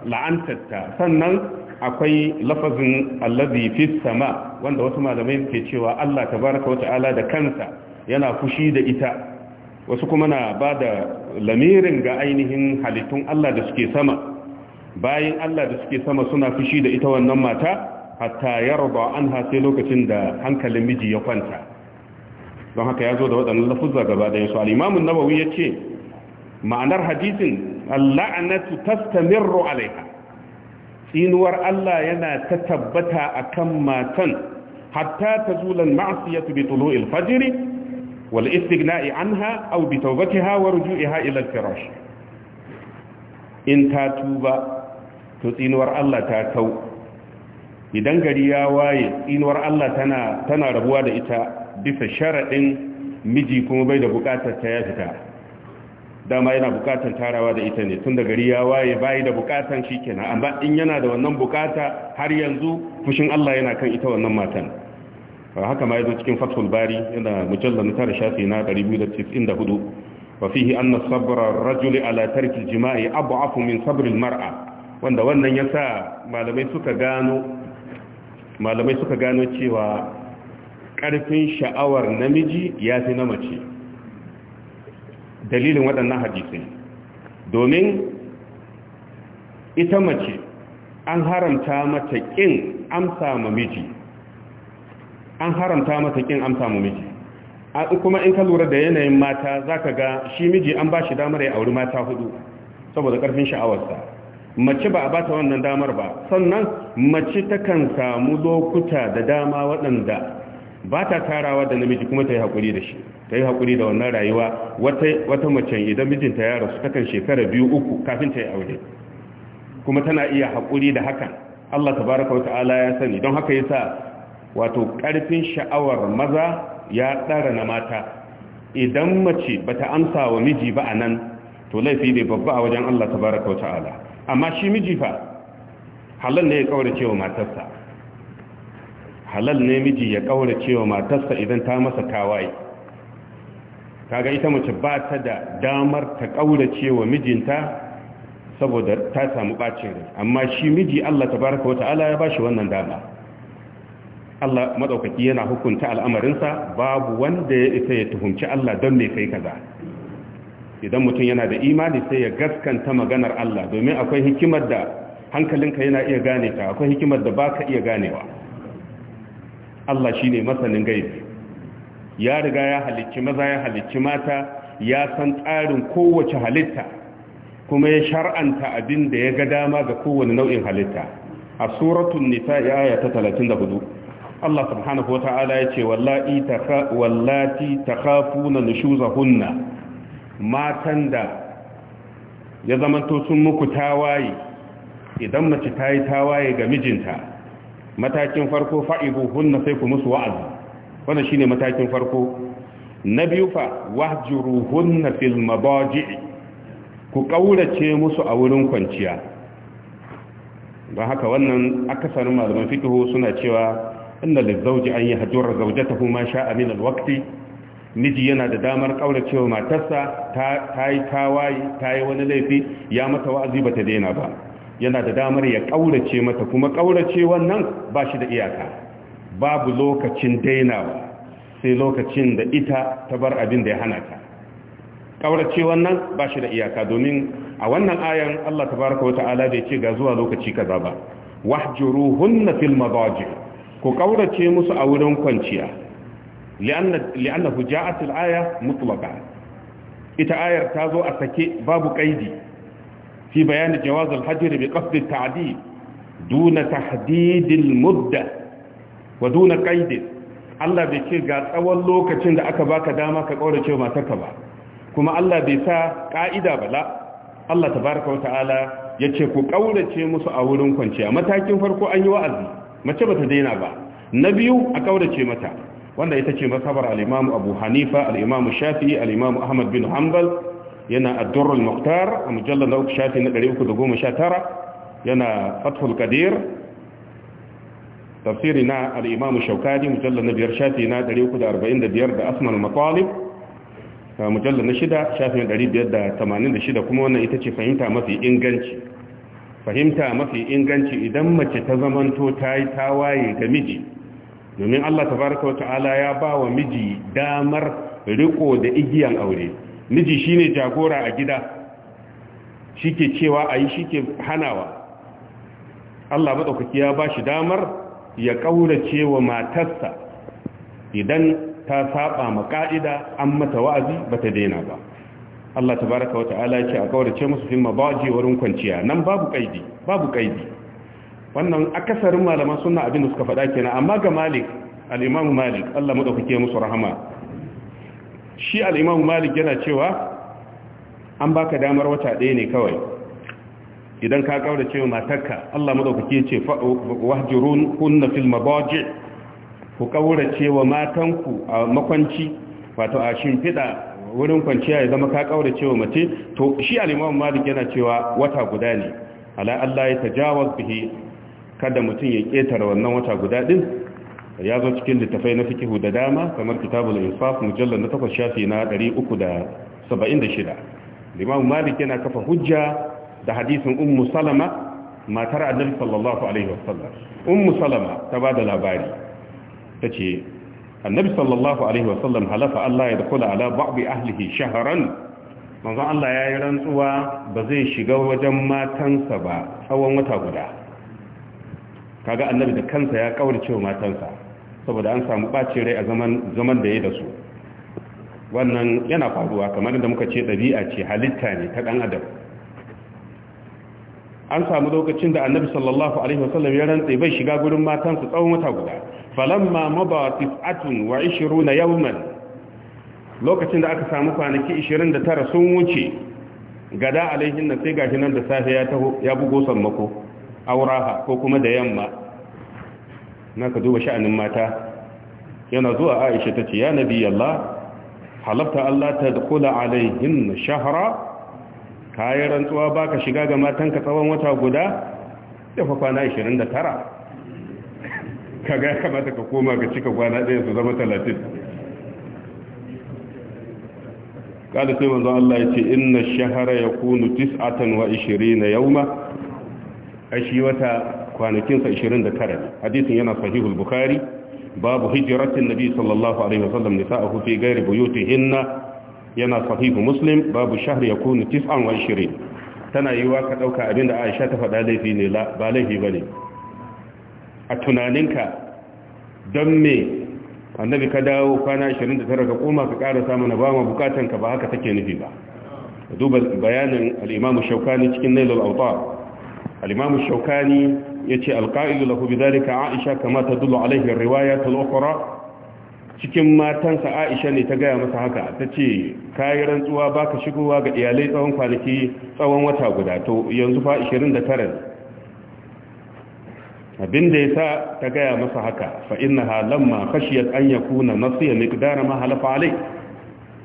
la'antanta sannan akwai lafazin allazi fi sama wanda wasu malamai ke cewa Allah tabaraka wa ta'ala da kansa yana fushi da ita wasu kuma na ba da lamirin ga ainihin halittun Allah da suke sama bayan Allah da suke sama suna fushi da ita wannan mata hatta yarda anha sai lokacin da hankalin miji ya kwanta don haka ya zo da waɗannan lafuzza gaba da yasu al-imamun nawawi ya ce ma'anar hadisin la'anatu tastamirru alaiha tsinuwar Allah yana ta tabbata akan matan hatta tazulan ma'siyatu bi tulu'il fajr wal istighna'i anha aw bi tawbatiha wa ruju'iha ila al-firash in ta tuba to tsinuwar Allah ta kau idan gari ya waye inuwar Allah tana tana rabuwa da ita bisa sharaɗin miji kuma bai da buƙatar ta ya fita dama yana buƙatar tarawa da ita ne tun da gari ya waye bai da buƙatar shi kenan amma in yana da wannan buƙata har yanzu fushin Allah yana kan ita wannan matan haka ma yazo cikin fathul bari yana mujallal tara shafi na 294 wa fihi anna sabra ar-rajuli ala tarki al-jima'i ab'afu min sabri al-mar'a wanda wannan yasa malamai suka gano malamai suka gano cewa ƙarfin sha'awar namiji ya fi na mace dalilin waɗannan hadisai domin ita mace an haramta mata ƙin amsa ma miji an haramta mata ƙin amsa ma miji kuma in ka lura da yanayin mata za ga shi miji an ba shi damar ya auri mata hudu saboda ƙarfin sha'awarsa mace ba a bata wannan damar ba sannan mace ta kan samu lokuta da dama waɗanda ba ta tarawa da namiji kuma ta yi haƙuri da shi ta yi haƙuri da wannan rayuwa wata mace idan mijinta ya rasu ta kan shekara biyu uku kafin ta yi aure kuma tana iya haƙuri da hakan Allah tabaraka wata'ala ya sani don haka yasa wato ƙarfin sha'awar maza ya ɗara na mata idan mace bata amsa wa miji ba a nan to laifi ne babba a wajen Allah tabaraka wata'ala amma shi miji fa halal ne ya kaurace wa matarsa halal ne miji ya kaurace wa matarsa idan ta masa tawaye kaga ita mace ba ta da damar ta kaurace wa mijinta saboda ta samu bacin rai amma shi miji Allah tabaraka wa ta'ala ya bashi wannan dama Allah madaukaki yana hukunta al'amarinsa babu wanda ya isa ya tuhumci Allah don me kai kaza idan mutum yana da imani sai ya gaskanta maganar Allah domin akwai hikimar da hankalinka yana iya gane ta akwai hikimar da baka iya ganewa Allah shine masanin gaibi ya riga ya halicci maza ya halicci mata ya san tsarin kowace halitta kuma ya shar'anta abin da ya ga dama ga kowane nau'in halitta a suratun nisa aya ta 34 Allah subhanahu wata'ala ya ce wallati takhafuna nushuzahunna matan da ya zamanto sun muku tawaye idan mace ta yi tawaye ga mijinta matakin farko fa'ibu hunna sai ku musu wa'azi wanda shine matakin farko na biyu fa wahjuru hunna fil ku kaurace musu a wurin kwanciya don haka wannan akasarin malaman fikihu suna cewa inna lizauji an yi hajjuwar zaujatahu ma sha aminal alwaqti miji yana da damar cewa matarsa ta yi kawai ta yi wani laifi ya mata wa'azi ba ta daina ba yana da damar ya kaurace mata kuma kaurace wannan ba shi da iyaka babu lokacin dainawa sai lokacin da ita ta bar abin da ya hana ta kaurace wannan ba shi da iyaka domin a wannan ayan Allah ta tabaraka wata'ala bai ce ga zuwa lokaci kaza ba wahjuruhunna fil madaji ku kaurace musu a wurin kwanciya li'annahu ja'at al-aya mutlaqa ita ayar ta zo a sake babu kaidi fi bayani jawaz al-hajr bi qasd at-ta'dil duna tahdid al-mudda wa duna Allah bai ce ga tsawon lokacin da aka baka dama ka kaurace matarka ba kuma Allah bai sa ka'ida ba la Allah tabaaraka ya ce ku ƙaurace musu a wurin kwanciya matakin farko an yi wa'azi mace ba ta daina ba na biyu a ƙaurace mata wanda ita ce masabar al'imamu abu hanifa al'imamu shafi al'imamu ahmad bin hanbal yana addurul muktar a mujallar na uku shafi na 319 yana fathul kadir tafsiri na al'imamu shaukani mujallar na biyar shafi na 345 da asmal a mujallar na shida shafi na 586 kuma wannan ita ce fahimta mafi inganci fahimta mafi inganci idan mace ta zamanto ta yi tawaye ga miji domin Allah tabaraka wata'ala ya ba wa miji damar riko da igiyan aure miji shine jagora a gida shike cewa ayi shike hanawa Allah madaukaki ya ba shi damar ya ƙaura cewa matarsa idan ta saba ma ka'ida an mata wa'azi bata daina ba Allah tabaraka wata'ala ya ce a ce musu fil mabaji warin kwanciya nan babu kaidi babu kaidi wannan akasarin malaman suna abin da suka faɗa kenan amma ga malik al'imamu malik allah maɗaukake musu rahama shi al'imamu malik yana cewa an baka damar wata ɗaya ne kawai idan ka kaura cewa matarka allah maɗaukake ce wahjirun kunna fil mabaji ku kaura cewa matanku a makwanci wato a shimfiɗa wurin kwanciya ya zama ka kaura cewa mace to shi al-Imam Malik yana cewa wata guda ne ala Allah ya tajawaz bihi kada mutum ya ƙetare wannan wata guda ɗin ya zo cikin littafai na fikihu da dama kamar kitabul insaf mujallar na takwas shafi na 376 limam malik yana kafa hujja da hadisin ummu salama matar annabi sallallahu alaihi wasallam ummu salama ta bada labari tace annabi sallallahu alaihi wasallam halafa Allah ya dakula ala ba'd ahlihi shahran manzo Allah ya yi rantsuwa ba zai shiga wajen matansa ba tsawon wata guda kaga annabi da kansa ya kaurace wa matansa saboda an samu bacin rai a zaman da ya da su wannan yana faruwa kamar da muka ce ɗabi'a ce halitta ne ta ɗan adam an samu lokacin da annabi sallallahu alaihi wasallam ya rantsa bai shiga gurin matansa tsawon wata guda falamma maba tis'atun wa 20 yawman lokacin da aka samu kwanaki 29 sun wuce gada alaihin nan sai gashi nan da safe ya ya bugo sammako auraha ko kuma da yamma na ka duba sha'anin mata yana zuwa aisha ta ce ya nabi Allah halabta Allah ta dukula alaihin shahara kayan rantsuwa ba ka shiga ga matanka tsawon wata guda da fa kwana 29 <laughs> kaga ya kamata ka koma ga cika kwana ɗaya su zama 30 kada sai manzo Allah ya ce inna shahara ya yakunu 29 yauma. shi wata kwanakinsa 29 hadisin yana sahihul bukhari babu hijiratin nabi sallallahu alaihi wasallam nisa'uhu fi ghairi hinna yana sahihu muslim babu shahr yakunu 29 tana yiwa ka dauka abinda Aisha ta faɗa laifi ne ba laifi bane a tunaninka don me annabi ka dawo kwana 29 ka koma ka kara mana ba mu bukatan ka ba haka take nufi ba duba bayanin al-Imam Shawkani cikin Nailul Awtar al-imam shaukani yace al-qa'ilu lahu bidhalika aisha kama tadullu alayhi ar-riwayat al cikin matansa aisha ne ta gaya masa haka ta ce kayi rantsuwa ba ka shigowa ga iyalai tsawon kwanaki tsawon wata guda to yanzu fa 29 abinda ya sa ta gaya masa haka fa'in na lamma kashiyar an ya kuna masu ya mikdara alai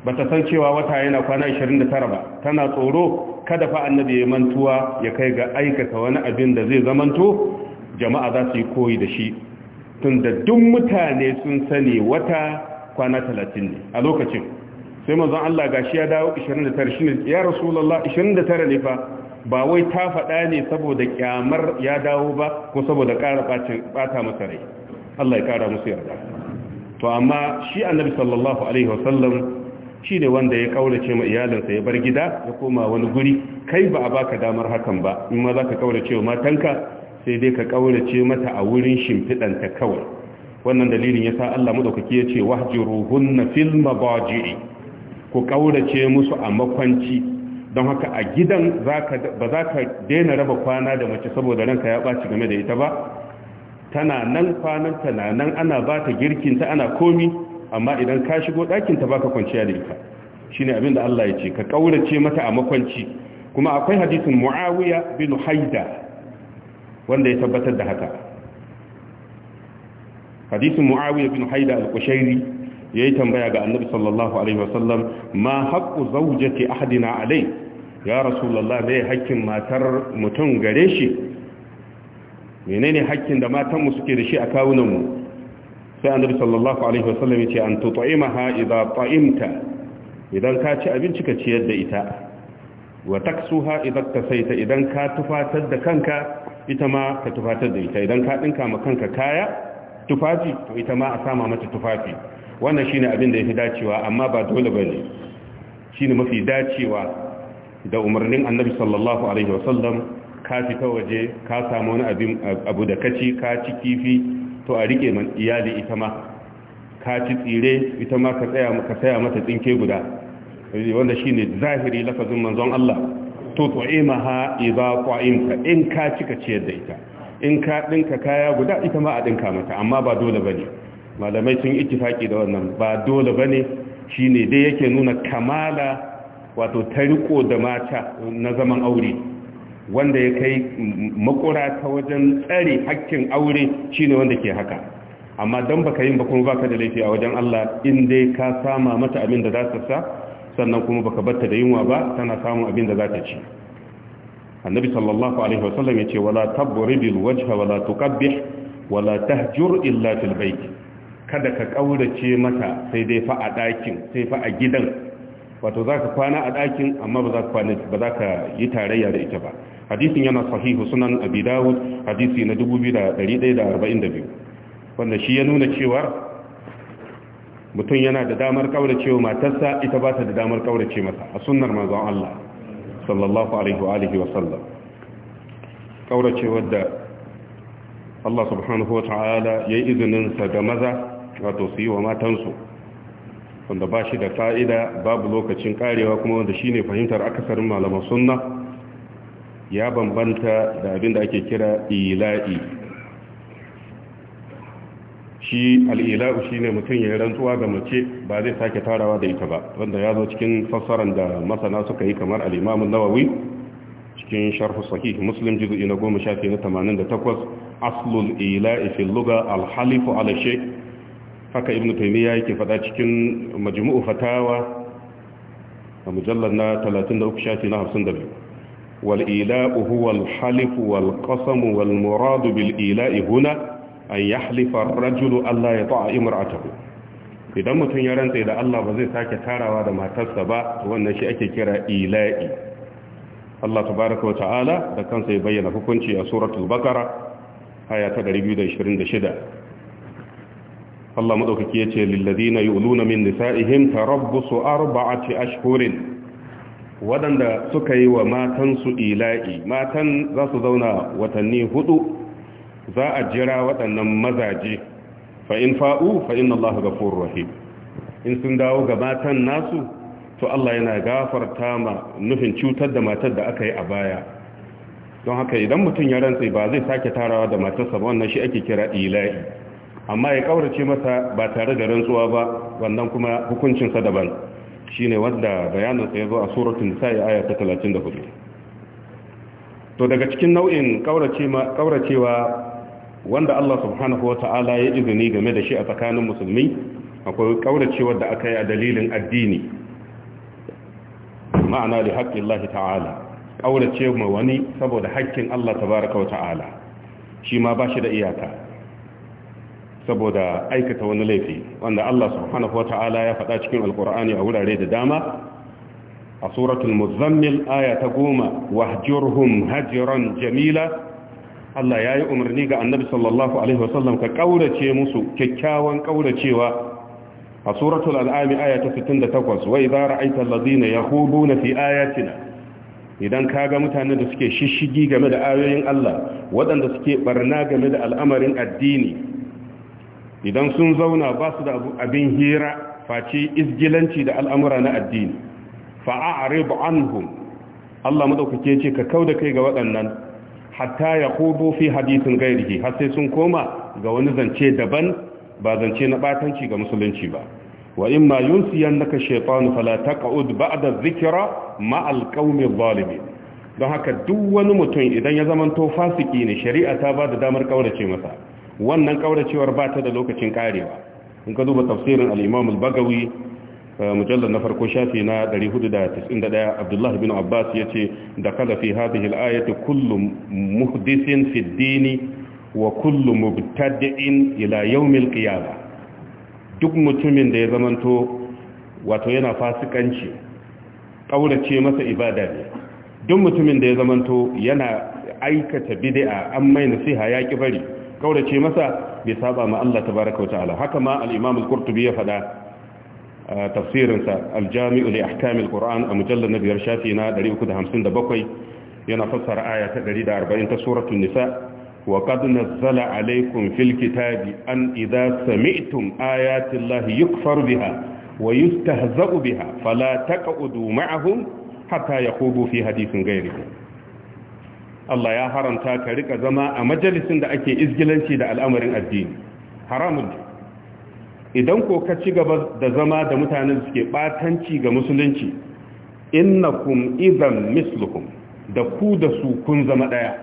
ba ta san cewa wata yana kwana 29 ba tana tsoro kada fa annabi ya mantuwa ya kai ga aikata wani abin da zai zamanto jama'a za su yi koyi da shi tun da duk mutane sun sani wata kwana talatin ne a lokacin sai mazan Allah gashi ya dawo 29 shi ne ya rasulallah 29 ne fa ba wai ta faɗa ne saboda kyamar ya dawo ba ko saboda ƙara ɓata masa rai Allah ya ƙara musu yarda to amma shi annabi sallallahu alaihi wasallam Shi ne wanda ya kaurace ma iyalinsa ya bar gida ya koma wani guri kai ba a baka damar hakan ba in ma za ka kaurace wa matanka sai dai ka kaurace mata a wurin shimfiɗanta kawai wannan dalilin ya sa Allah maɗaukaki ya ce wahjuruhunna fil mabaji'i ku kaurace musu a makwanci don haka a gidan ba za ka daina raba kwana da mace saboda ranka ya ɓaci game da ita ba tana nan kwanan tana nan ana ba ta girkinta ana komi amma idan ka shigo ɗakin ta baka kwanciya da ita shine abin da Allah ya ce ka kaurace mata a makwanci kuma akwai hadisin muawiya bin haida wanda ya tabbatar da haka hadisin muawiya bin haida al-qushairi yayi tambaya ga annabi sallallahu alaihi wasallam ma haqqu zawjati ahadina alai ya rasulullah me hakkin matar mutum gare shi menene hakkin da matan mu suke da shi a kawunan mu sai annabi sallallahu alaihi wasallam yace an ha idza ta'imta idan ka ci abinci ka ciyar da ita wa taksuha idza tasaita idan ka tufatar da kanka ita ma ka tufatar da ita idan ka dinka ma kanka kaya tufafi to ita ma a sama mata tufafi wannan shine abin da yafi dacewa amma ba dole bane shine mafi dacewa da umarnin annabi sallallahu alaihi wasallam ka fita waje ka samu wani abu da kaci ka ci kifi to a rike man iyali ita ma ka ci tsire ita ma ka tsaya ka tsaya mata tsinke guda eh, wanda shine zahiri lafazin manzon Allah to to ha iba qa'imta in ka ci ka ciyar da ita in ka dinka kaya guda ita ma a dinka mata amma ba dole bane malamai sun ittifaki da wannan ba dole bane shine dai yake nuna kamala wato ta riko da mata na zaman aure wanda ya kai makura ta wajen tsare hakkin aure shine wanda ke haka amma dan baka yin ba kuma baka da laifi a wajen Allah in dai ka sama mata abin da za ta sa sannan kuma baka batta da yunwa ba tana samun abin da za ta ci annabi sallallahu alaihi wasallam yace wala tabribil wajha wala tuqabbih wala tahjur illa fil kada ka kaurace mata sai dai fa a dakin sai fa a gidan wato zaka kwana a dakin amma ba za ka kwana ba za ka yi tarayya da ita ba hadisin yana sahihu sunan abi dawud hadisi na 2142 wanda shi ya nuna cewa mutum yana da damar kaurace wa matarsa ita ba ta da damar kaurace masa a sunnar manzon Allah sallallahu alaihi wa alihi wa sallam kaurace wadda Allah subhanahu wa ta'ala ya yi izinin sa ga maza wato su yi wa matansu wanda ba shi da fa'ida babu lokacin karewa kuma wanda shine fahimtar akasarin malaman sunna ya bambanta da abin da ake kira ila'i shi al'ila'u shi ne mutum ya yi rantsuwa ga mace ba zai sake tarawa da ita ba wanda ya zo cikin fassaran da masana suka yi kamar al'imamun nawawi cikin sharhu sahih muslim jizu'i na goma shafi na tamanin da takwas aslul ila'i fi luga alhalifu alashe haka ibn taimiyya yake faɗa cikin majmu'u fatawa a mujallar na 33 shafi na 52 والإيلاء هو الحلف والقسم والمراد بالإيلاء هنا أن يحلف الرجل ألا يطع امرأته idan mutum ya rantsa da Allah ba zai sake tarawa da matarsa ba wannan shi ake kira ila'i Allah tabaraka ta'ala da kansa ya bayyana hukunci a suratul baqara aya ta 226 Allah madaukaki yace lil ladina yu'luna min nisa'ihim tarabbusu arba'ati ashhurin waɗanda suka yi wa matansu ila'i matan za su zauna watanni hudu za a jira waɗannan mazaje fa'in fa'u fa'in Allah ga rahim in sun dawo ga matan nasu to Allah yana gafarta ma nufin cutar da matar da aka yi a baya don haka idan mutum ya rantse ba zai sake tarawa da matar matarsa wannan shi ake kira ila'i amma ya kaurace masa ba tare da rantsuwa ba wannan kuma hukuncinsa daban shine wanda bayanin sa yazo a suratul nisa aya ta 34 to daga cikin nau'in kaurace kauracewa wanda Allah subhanahu wata'ala ya izini game da shi a tsakanin musulmi akwai kauracewa da aka yi a dalilin addini ma'ana li haqqi Allah ta'ala kauracewa wani saboda haƙƙin Allah tabaaraka wa ta'ala shi ma bashi da iyaka saboda aikata wani laifi wanda Allah subhanahu ta'ala ya faɗa cikin alkur'ani a wurare da dama a suratul muzammil aya ta goma wahjurhum Hajiran, jamila Allah ya yi umarni ga annabi sallallahu alaihi wasallam ka ƙaurace musu kyakkyawan ƙauracewa a suratul al'ami aya ta 68 wa idza ra'aita alladhina yakhuduna fi ayatina idan kaga mutanen da suke shishigi game da ayoyin Allah waɗanda suke barna game da al'amarin addini idan sun zauna ba su da abin hira face izgilanci da al'amura na addini fa'a'aribu Anhu. Allah maɗaukake ce ka kau da kai ga waɗannan hatta ya kobo fi hadisin gairihi har sai sun koma ga wani zance daban ba zance na batanci ga musulunci ba wa in ma yunsiyan naka shaytanu fala taq'ud ba'da Zikira, ma'al qaumi adh don haka duk wani mutum idan ya zamanto fasiki ne shari'a ta ba da damar ƙaunace masa wannan kauracewar ba ta da lokacin karewa in ka duba tafsirin Al'imamul bagawi eh, mujallar na farko shafi na 491 abdullahi bin abbas yace da kalafi fi hadhihi al kullum kullu muhdithin wa kullu mubtadi'in ila yawm al duk mutumin da ya zamanto wato yana fasikanci kaurace masa ibada ne duk mutumin da ya zamanto yana aikata bid'a an mai nasiha ya ki bari kaurace masa bai saba ma Allah tabaraka wata'ala haka ma al-imam al-qurtubi ya fada tafsirin sa al-jami'u li ahkam al-qur'an a mujallal na biyar shafi na 357 yana fassara aya ta 140 ta suratul nisa wa qad nazzala alaykum fil kitabi an idza sami'tum ayati allahi yukfaru biha wa yustahza'u biha fala taq'udu ma'ahum hatta yaqubu fi hadithin ghayrihi Allah ya haramta ka rika zama a majalisin da ake izgilanci da al'amarin addini haramun idan ko ka ci gaba da zama da mutanen suke batanci ga musulunci innakum idan mislukum da ku da su kun zama daya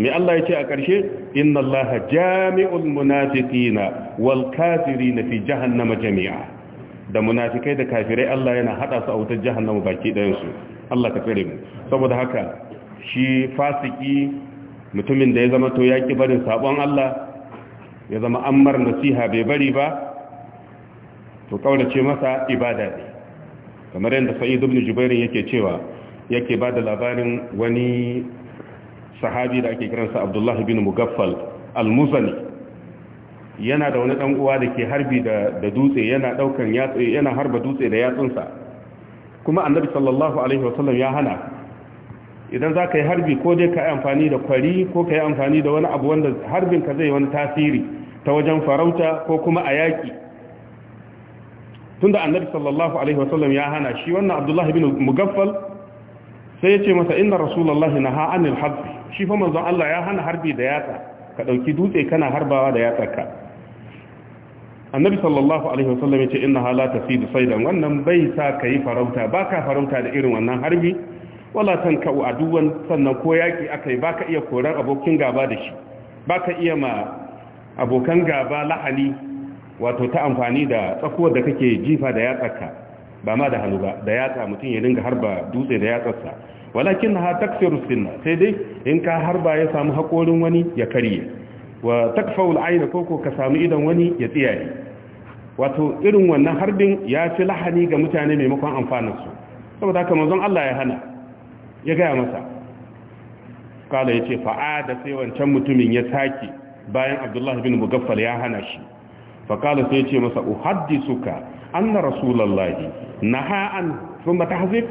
mai Allah ya ce a ƙarshe inna Allah jami'ul munafiqina wal kafirina fi jahannama jami'a da munafikai da kafirai Allah yana hada su a wutar jahannama baki ɗayan su Allah ka tsare mu saboda haka shi fasiki mutumin da ya zama to ya ƙi barin sabon Allah ya zama ammar nasiha bai bari ba to kaurace masa ibada ne kamar yadda sa'id ibn jubair yake cewa yake ba da labarin wani sahabi da ake kiransa abdullahi bin mugaffal al-muzani yana da wani dan uwa da ke harbi da dutse yana daukan yana harba dutse da yatsunsa kuma annabi sallallahu alaihi wasallam ya hana idan za ka yi harbi ko dai ka yi amfani da kwari ko ka yi amfani da wani abu wanda harbin ka zai wani tasiri ta wajen farauta ko kuma a yaƙi tunda annabi sallallahu alaihi wasallam ya hana shi wannan abdullahi bin mugaffal sai ya ce masa inna rasulullahi naha anil harbi shi fa manzon Allah ya hana harbi da yatsa ka dauki dutse kana harbawa da yatsa ka. annabi sallallahu alaihi wasallam ya ce inna la tasidu saidan wannan bai sa kai farauta baka farauta da irin wannan harbi wala a duwan sannan ko yaki yi baka iya koran abokin gaba da shi baka iya ma abokan gaba lahani wato ta amfani da tsakuwar da kake jifa da yatsarka ba ma da hannu ba da yatsa mutum ya dinga harba dutse da yatsarsa walakin ha taksiru sinna sai dai in ka harba ya samu haƙorin wani ya karye wa takfaul aina koko ka samu idan wani ya tsiyaye wato irin wannan harbin ya fi lahani ga mutane maimakon su, saboda haka manzon Allah ya hana ya gaya masa kala ya ce fa'ada sai wancan mutumin ya sake bayan abdullahi bin mugaffal ya hana shi fakala sai ya ce masa uhaddisuka anna rasulallahi naha an sun mata hazif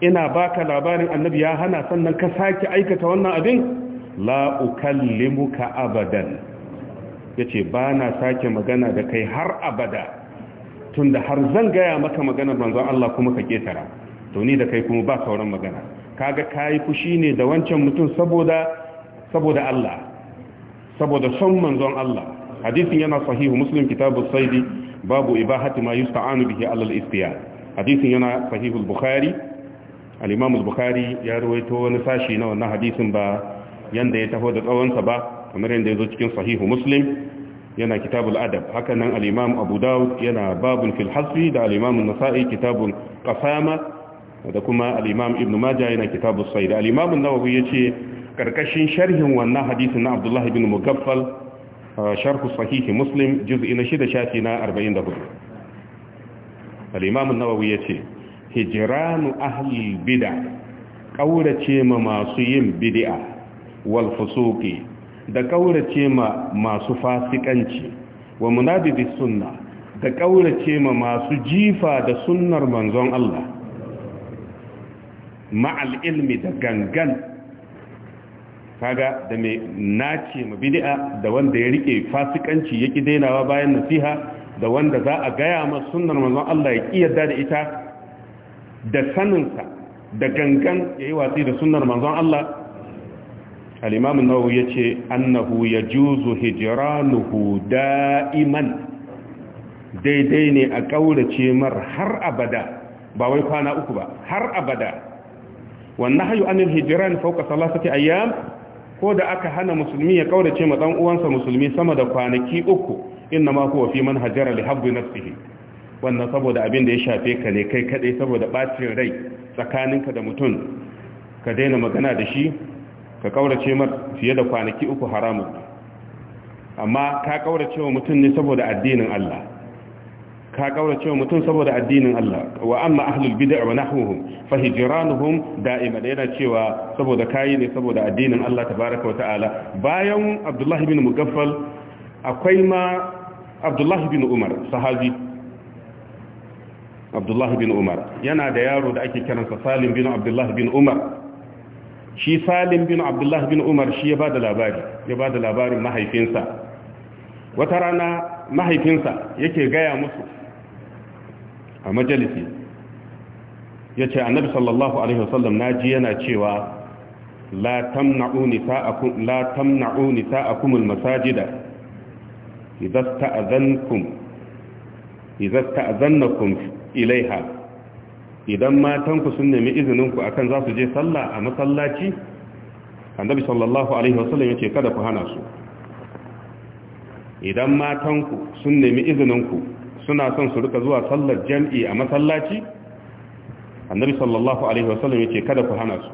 ina baka labarin annabi ya hana sannan ka sake aikata wannan abin la lemuka abadan yace ba na sake magana da kai har abada tunda har zan gaya maka maganar manzon Allah kuma ka ketara to ni da kai kuma ba sauran magana kaga kayi fushi ne da wancan mutum saboda saboda Allah saboda son manzon Allah hadisin yana sahihu muslim kitabu saidi babu ibahati ma yusta'anu bihi alal istiya hadisin yana sahihu bukhari al-imam al-bukhari ya ruwaito wani sashi na wannan hadisin ba yanda ya taho da tsawonsa ba kamar yanda ya zo cikin sahihu muslim yana al adab haka nan al-imam abu yana babun fil hasbi da al-imam an-nasa'i kitabun qasama da kuma al ibn majah yana kitabu saida al-imam an ya ce karkashin sharhin wannan hadisin na abdullahi bin mugaffal uh, sharhu sahihi muslim juz'i na shida shafi na 44 al-imam an-nawawi yace ahli bida ƙaurace ma masu yin bid'a wal da ƙaurace ma masu fasikanci wa munabidi sunna da ƙaurace ma masu jifa da sunnar manzon Allah ma'al ilmi da gangan kaga da mai nace ma bid'a da wanda ya rike fasikanci ya yaki dainawa bayan nasiha da wanda za a gaya ma sunnar manzon Allah ya ki yarda da ita da saninsa da gangan yayi watsi da sunnar manzon Allah al-imam an-nawawi yace annahu juzu hijranuhu da'iman daidai ne a ƙaurace mar har abada ba wai kwana uku ba har abada wannan hayu anil hijiran fauka salasati ayyam ko da aka hana musulmi ya kaurace ma dan uwansa musulmi sama da kwanaki uku inna ma huwa fi man hajara li habbi wannan saboda abin da ya shafe ka ne kai kadai saboda bacin rai tsakaninka da mutum ka daina magana da shi ka kaurace mar fiye da kwanaki uku haramun amma ka kaurace wa mutum ne saboda addinin Allah ka cewa mutum saboda addinin Allah wa amma ahlul bid'a wa nahwuhum fa hijranuhum da'ima yana cewa saboda kayi ne saboda addinin Allah tabaaraka wa ta'ala bayan Abdullah ibn Mugaffal akwai ma Abdullah ibn Umar sahabi Abdullah ibn Umar yana da yaro da ake kiransa Salim bin Abdullah ibn Umar shi Salim bin Abdullah ibn Umar shi ya bada labari ya bada labarin mahaifinsa wata rana mahaifinsa yake gaya musu a majalisi ya ce annabi sallallahu alaihi wasallam na ji yana cewa la tamna'u nisa'akum al-masajida idan ta'azankum idza ta'azannakum ilaiha idan matanku sun nemi izininku a kan za su je sallah a masallaci annabi sallallahu alaihi wasallam ce kada ku hana su idan matanku sun nemi izininku suna son su rika zuwa sallar jam'i a masallaci annabi sallallahu alaihi wasallam ce kada ku hana su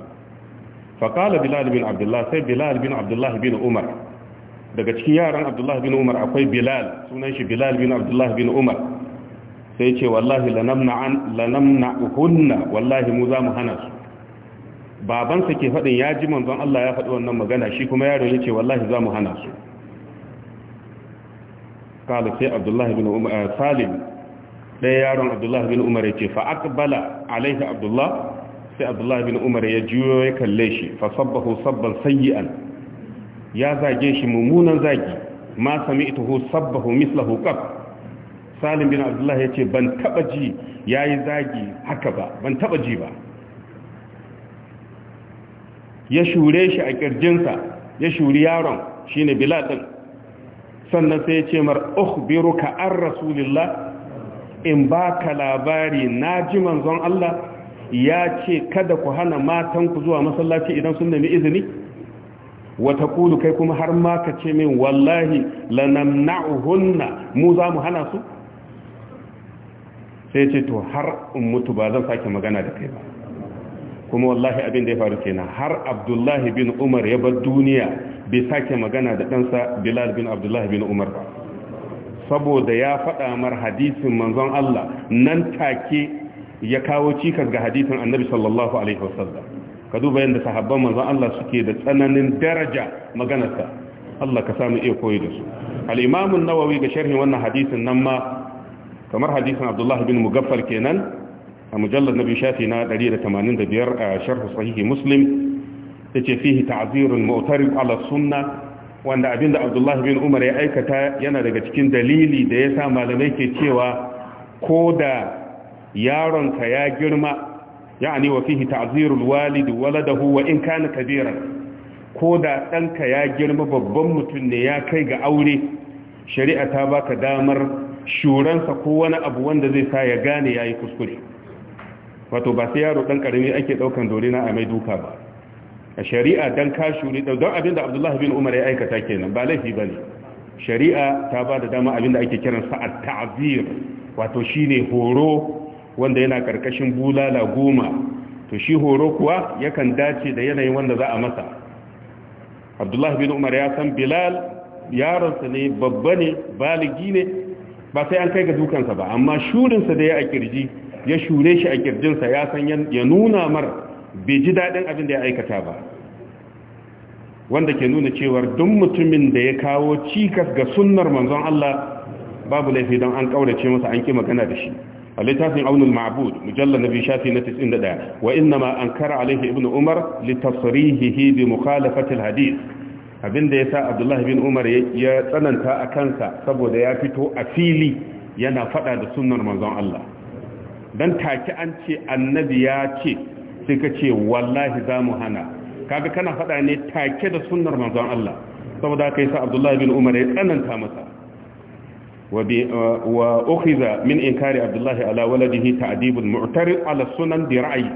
fa bilal bin Abdullahi, sai bilal bin Abdullahi bin umar daga cikin yaran Abdullahi bin umar akwai bilal sunan shi bilal bin Abdullahi bin umar sai ce wallahi lanamna an hunna wallahi mu za mu hana su babansa ke faɗin ya ji manzon Allah ya faɗi wannan magana shi kuma yaron ya ce wallahi za mu hana su kala sai abdullahi bin salim ɗaya yaron abdullahi bin umar ya ce fa aqbala alaihi Abdullahi sai abdullahi bin umar ya juyo ya kalle shi fa sabbahu sabban sayyi'an ya zage shi mummunan zagi ma sami ita sami'tuhu sabbahu mislahu qab salim bin abdullahi ya ce ban taɓa ji ya yi zagi haka ba ban taɓa ji ba ya shure shi a ƙirjinsa ya shuri yaron shi ne din sannan sai ya ce mar ka an rasulillah in baka labari na ji manzon Allah ya ce kada ku hana matan ku zuwa masallaci idan sun nemi izini wata kulu kai kuma har ma ka ce min wallahi lanamna'uhunna mu za mu hana su sai ce to har in mutu ba zan sake magana da kai ba kuma wallahi abin da ya faru kenan har abdullahi bin umar ya bar duniya bai sake magana da ɗansa bilal bin abdullahi bin umar ba saboda ya faɗa mar hadisin manzon Allah nan take ya kawo cikas ga hadisin annabi sallallahu alaihi wasallam ka duba yadda sahabban manzon Allah suke da tsananin daraja maganarsa Allah ka samu iya koyi da su al nawawi ga sharhin wannan hadisin nan ma kamar hadisin abdullah bin mugaffar kenan a mujallad nabi shafi na 185 a sharh sahihi muslim yace fihi ta'zirun mu'tarib ala sunna wanda abinda Abdullah bin Umar ya aikata yana daga cikin dalili da yasa malamai ke cewa koda yaron ka ya girma yani wa fihi ta'zirul walid waladahu wa in kana kabiran koda danka ya girma babban mutum ne ya kai ga aure shari'a ta baka damar shuransa ko wani abu wanda zai sa ya gane yayi kuskure wato ba sai yaro dan karami ake daukan dorina a mai duka ba a shari'a dan ka ne don abin da abdullahi bin umar ya aikata kenan ba laifi ba ne shari'a ta ba da dama abin da ake kiran sa'ad ta'azir wato shine horo wanda yana karkashin bulala goma to shi horo kuwa yakan dace da yanayin wanda za a masa abdullahi bin umar ya san bilal yaronsa ne babba ne baligi ne ba sai an kai ga dukansa ba amma shurinsa da ya a kirji ya shure shi a kirjinsa ya san ya nuna mara. bai ji daɗin abin da ya aikata ba wanda ke nuna cewar duk mutumin da ya kawo cikas ga sunnar manzon Allah babu laifi don an ƙaurace masa an ki magana da shi a littafin aunul Ma'abud, mujallar na biyu shafi na 91 wa inna ma an kara alaihi ibn umar litasrihihi bi mukhalafatil hadith abinda sa abdullahi bin umar ya tsananta a kansa saboda ya fito a fili yana fada da sunnar manzon Allah dan take an ce annabi ya ce sai ka ce wallahi za mu hana kaga kana faɗa ne take da sunnar manzon Allah saboda kai sa Abdullah bin Umar ya tsananta masa wa ukhiza min inkari Abdullah ala waladihi ta'dibul mu'tarid ala sunan bi ra'yi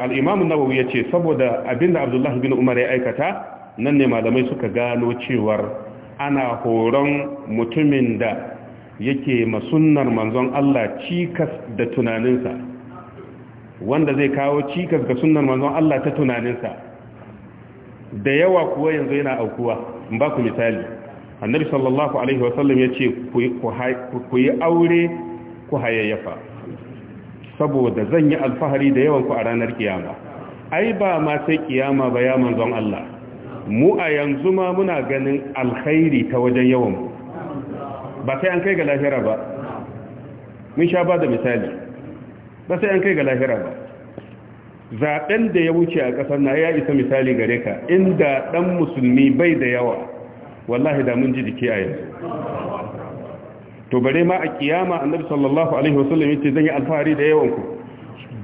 al-imam an-nawawi yace saboda abinda Abdullah bin Umar ya aikata nan ne malamai suka gano cewar ana horon mutumin da yake masunnar manzon Allah cikas da tunaninsa wanda zai kawo cikas ga sunan manzon Allah ta tunaninsa da yawa kuwa yanzu yana aukuwa in ba ku misali annabi sallallahu alaihi wasallam ya ce ku yi aure ku hayayyafa saboda zan yi alfahari da yawan ku a ranar kiyama ai ba ma sai kiyama ba ya manzon Allah mu a yanzu ma muna ganin alkhairi ta wajen yawan ba sai an kai ga lahira ba mun sha ba da misali ba sai an kai ga lahira ba zaben da ya wuce a kasar na ya isa misali gare ka inda dan musulmi bai da yawa wallahi da mun ji jiki a yanzu to bare ma a kiyama annabi sallallahu alaihi wasallam yace zan yi alfahari da yawan ku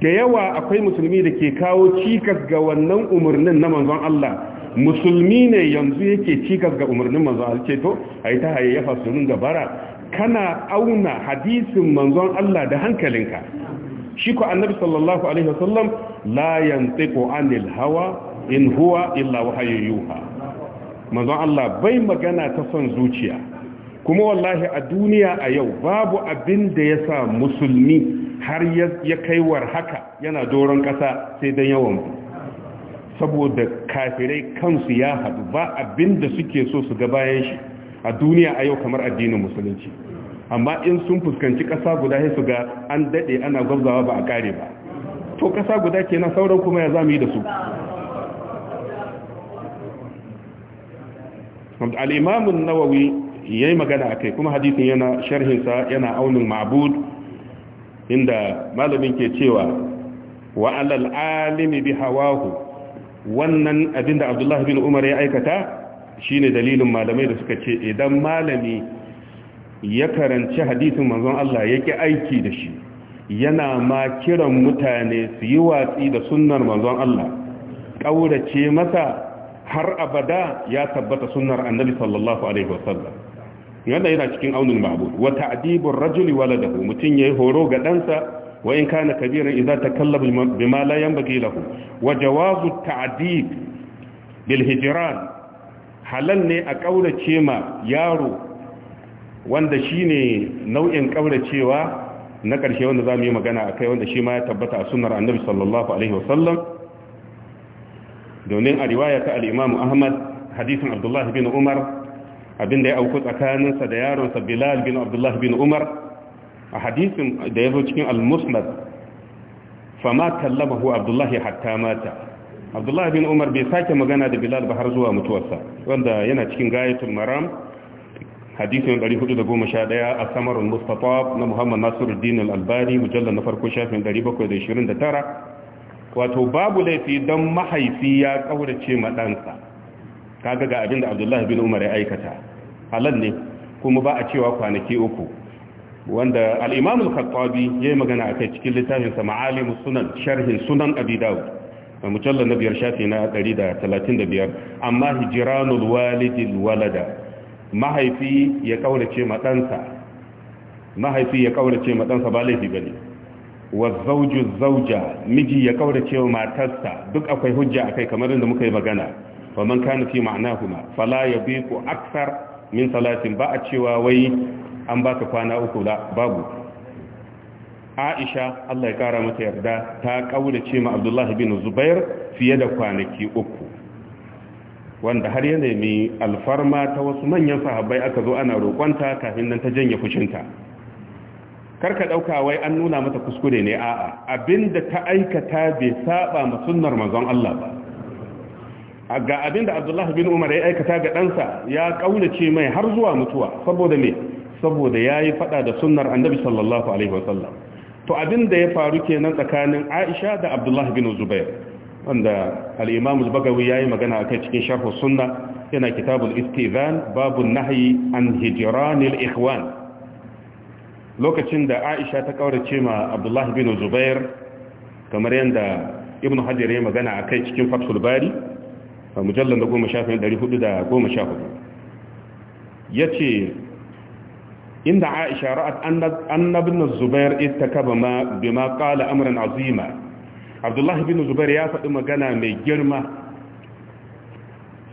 da yawa akwai musulmi da ke kawo cikas ga wannan umarnin na manzon Allah musulmi ne yanzu yake cikas ga umarnin manzon Allah ce to ai ta hayayyafa su ringa bara kana auna hadisin manzon Allah da hankalinka shi ko annabi sallallahu alaihi wasallam la yantiqu anil hawa in huwa illa wahyu yuha Allah bai magana ta son zuciya kuma wallahi a duniya a yau babu abin da ya sa musulmi har ya kaiwar haka yana doron ƙasa sai don yawan saboda kafirai kansu ya haɗu ba abin da suke so su ga bayan shi a duniya a yau kamar addinin musulunci amma in sun fuskanci ƙasa guda sai su ga an daɗe ana gwabzawa ba a kare ba to ƙasa guda kenan sauran kuma ya zamu yi da su al'imamun nawawi ya yi magana a kai kuma hadisin yana sharhinsa yana aunin ma'bud inda malamin ke cewa wa alal alimi bi hawahu wannan abinda abdullahi bin umar ya aikata shine dalilin malamai da suka ce idan malami ya karanci hadisin manzon Allah ya ki aiki da shi yana ma kiran mutane su yi watsi da sunnar manzon Allah ƙaurace masa har abada ya tabbata sunnar annabi sallallahu alaihi wasallam yana yana cikin aunin ma'bud wa ta'dibur rajuli waladahu mutun yayi horo ga ɗansa wa in kana kabiran idza takallaba bima la yanbaghi lahu wa jawazu ta'dib bil hijran halal ne a ƙaurace ma yaro wanda shi ne nau'in kauracewa na ƙarshe wanda za mu yi magana a kai wanda shi ma ya tabbata a sunar annabi sallallahu alaihi wasallam domin a riwaya ta al'imamu ahmad hadisin abdullahi bin umar abinda ya auku tsakaninsa da yaronsa bilal bin abdullahi bin umar a hadisin da ya zo cikin al-musnad fama kallamahu abdullahi hatta mata abdullahi bin umar bai sake magana da bilal ba har zuwa mutuwarsa wanda yana cikin gayatul maram hadisin 411 a samarun mustafa na muhammad nasiruddin al-albani mujallar na farko shafin 729 wato babu laifi don mahaifi ya kaurace ma ɗansa kaga ga abin da abdullahi bin umar ya aikata halal ne kuma ba a cewa kwanaki uku wanda al-imam al-khattabi yayi magana akai cikin littafin sa sunan sharhin sunan abi dawud a mujallar na biyar shafi na 135 amma hijranul walidi walada mahaifi ya kaurace ma ɗansa mahaifi ya kaurace ma ɗansa ba laifi bane wa zawju zawja miji ya kaurace wa matarsa duk akwai hujja akai kamar inda muka yi magana fa man kana fi ma'nahuma fala yabiqu akthar min salatin ba a cewa wai an baka kwana uku da babu Aisha Allah ya kara mata yarda ta kaurace ma Abdullah bin Zubair fiye da kwanaki uku wanda har ya nemi alfarma ta wasu manyan sahabbai aka zo ana roƙonta kafin nan ta janye fushinta karka ɗauka wai an nuna mata kuskure ne a'a abinda ta aikata bai saba ma sunnar manzon Allah ba ga abinda Abdullahi bin Umar ya aikata ga ɗansa ya ƙaunace mai har zuwa mutuwa saboda me saboda yayi faɗa da sunnar Annabi sallallahu alaihi wasallam to abinda ya faru kenan tsakanin Aisha da Abdullah bin Zubair wanda al-imam al-bagawi yayi magana akai cikin shafin suna yana kitabul istizan babu nahyi an hijran ikhwan lokacin da Aisha ta kaurace ma abdullahi bin Zubair kamar yadda Ibn Hajar ya magana kai cikin Fathul Bari shafin ya yace inda Aisha ra'at anna ibn Zubair ittakaba ma bima kala amran azima abdullahi bin zubair ya faɗi magana mai girma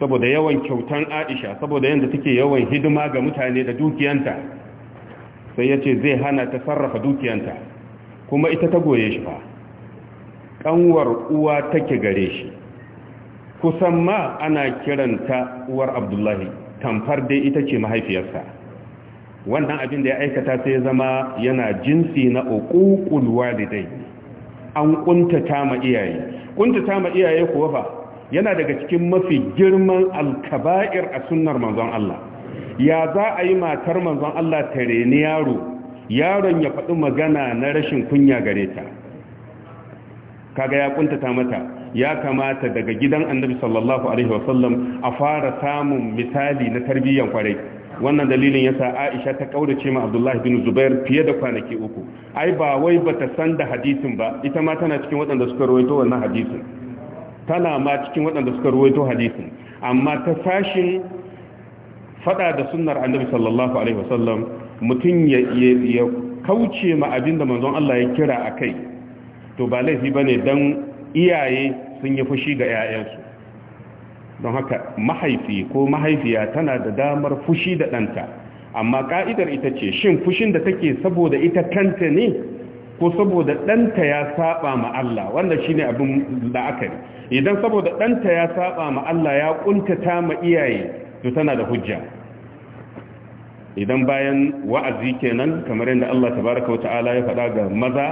saboda yawan kyautan aisha saboda yadda take yawan hidima ga mutane da dukiyanta sai ya ce zai hana ta sarrafa dukiyanta kuma ita ta goye shi ba ƙanwar uwa take gare shi kusan ma ana kiranta uwar abdullahi tamfar dai ita ce mahaifiyarsa wannan abin da ya aikata sai ya zama yana jinsi na uku walidai an kuntata ma iyaye kuntata ma iyaye kuwa fa yana daga cikin mafi girman alkaba'ir a sunnar manzon Allah ya za a yi matar manzon Allah ta reni yaro yaron ya faɗi magana na rashin kunya gare ta kaga ya kuntata mata ya kamata daga gidan annabi sallallahu alaihi wasallam a fara samun misali na tarbiyyar kwarai wannan dalilin yasa Aisha ta kaurace ma Abdullah bin Zubair fiye da kwanaki uku ai ba wai ba ta san da hadisin ba ita ma tana cikin waɗanda suka rawaito wannan hadisin tana ma cikin waɗanda suka rawaito hadisin amma ta sashin fada da sunnar Annabi sallallahu alaihi wasallam mutun ya ya kauce ma abinda da manzon Allah ya kira akai to ba laifi bane dan iyaye sun yi fushi ga 'ya'yansu don haka mahaifi ko mahaifiya tana da damar fushi da ɗanta amma ƙa'idar ita ce shin fushin da take saboda ita kanta ne ko saboda ɗanta ya saba ma Allah wanda ne abin la'akari idan saboda ɗanta ya saba ma Allah ya ƙuntata ma iyaye to tana da hujja idan bayan wa'azi kenan kamar yadda Allah tabaraka wa ta'ala ya faɗa ga maza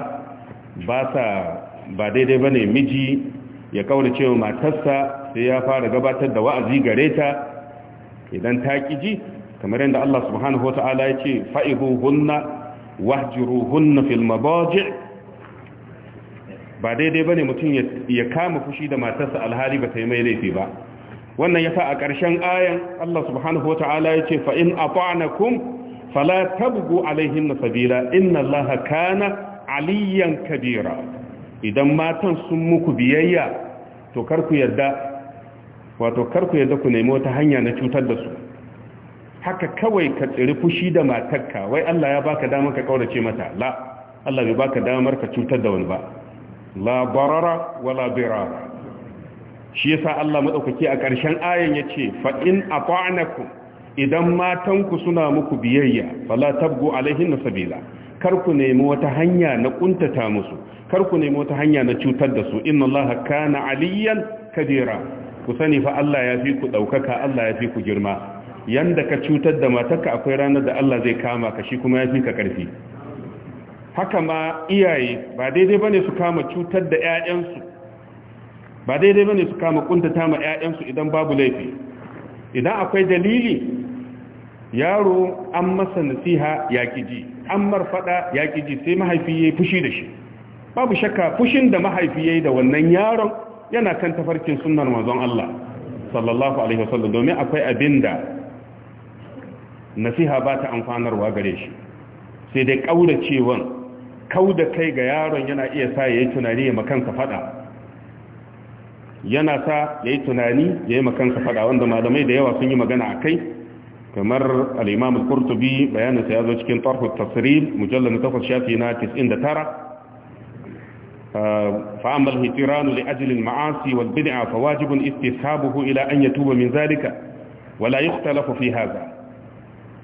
ba sa ba daidai bane miji ya kaurace wa matarsa sai ya fara gabatar da wa'azi gare ta idan ta ji kamar yadda Allah subhanahu wa ta'ala ya ce fa'ihuhunna wahjuruhunna filma mabaji' ba daidai ne mutum ya kama fushi da matarsa alhali ba ta yi mai laifi ba wannan sa a ƙarshen ayan Allah subhanahu wa ta'ala ya ce fa in ata'nakum fala tabgu alaihinna sabila inna Allaha kana aliyan kabira idan matan sun muku biyayya to kar ku yarda wato karku yadda ku nemi wata hanya na cutar da su haka kawai ka tsiri fushi da matarka wai Allah ya baka damar ka kaurace mata la Allah bai baka damar ka cutar da wani ba la barara wala birara shi yasa Allah madaukaki a ƙarshen ayan yace fa in ata'nakum idan matanku suna muku biyayya fala tabgu alaihin sabila kar ku nemi wata hanya na kuntata musu kar ku nemi wata hanya na cutar da su inna Allah kana aliyan kadira ku sani fa Allah ya fi ku ɗaukaka Allah ya fi ku girma yanda ka cutar da matarka akwai ranar da Allah zai kama ka shi kuma ya fi ka ƙarfi haka ma iyaye ba daidai bane su kama cutar da 'ya'yansu, ba daidai bane su kama kuntata ma yayansu idan babu laifi idan akwai dalili yaro an masa nasiha ya kiji an marfaɗa ya kiji sai mahaifi ya fushi da shi babu shakka fushin da mahaifi ya yi da wannan yaron yana kan tafarkin sunnar manzon Allah sallallahu alaihi wasallam domin akwai abinda nasiha ba ta amfanarwa gare shi sai dai kauracewan kauda kai ga yaron yana iya sa yayi tunani ya makansa fada yana sa yayi tunani yayi makansa fada wanda malamai da yawa sun yi magana akai kamar al-Imam al-Qurtubi bayanin sa yazo cikin Tarh at-Tasrib mujallad 8 shafi na 99 فأما الهجران لأجل المعاصي والبدع فواجب استثابه إلى أن يتوب من ذلك ولا يختلف في هذا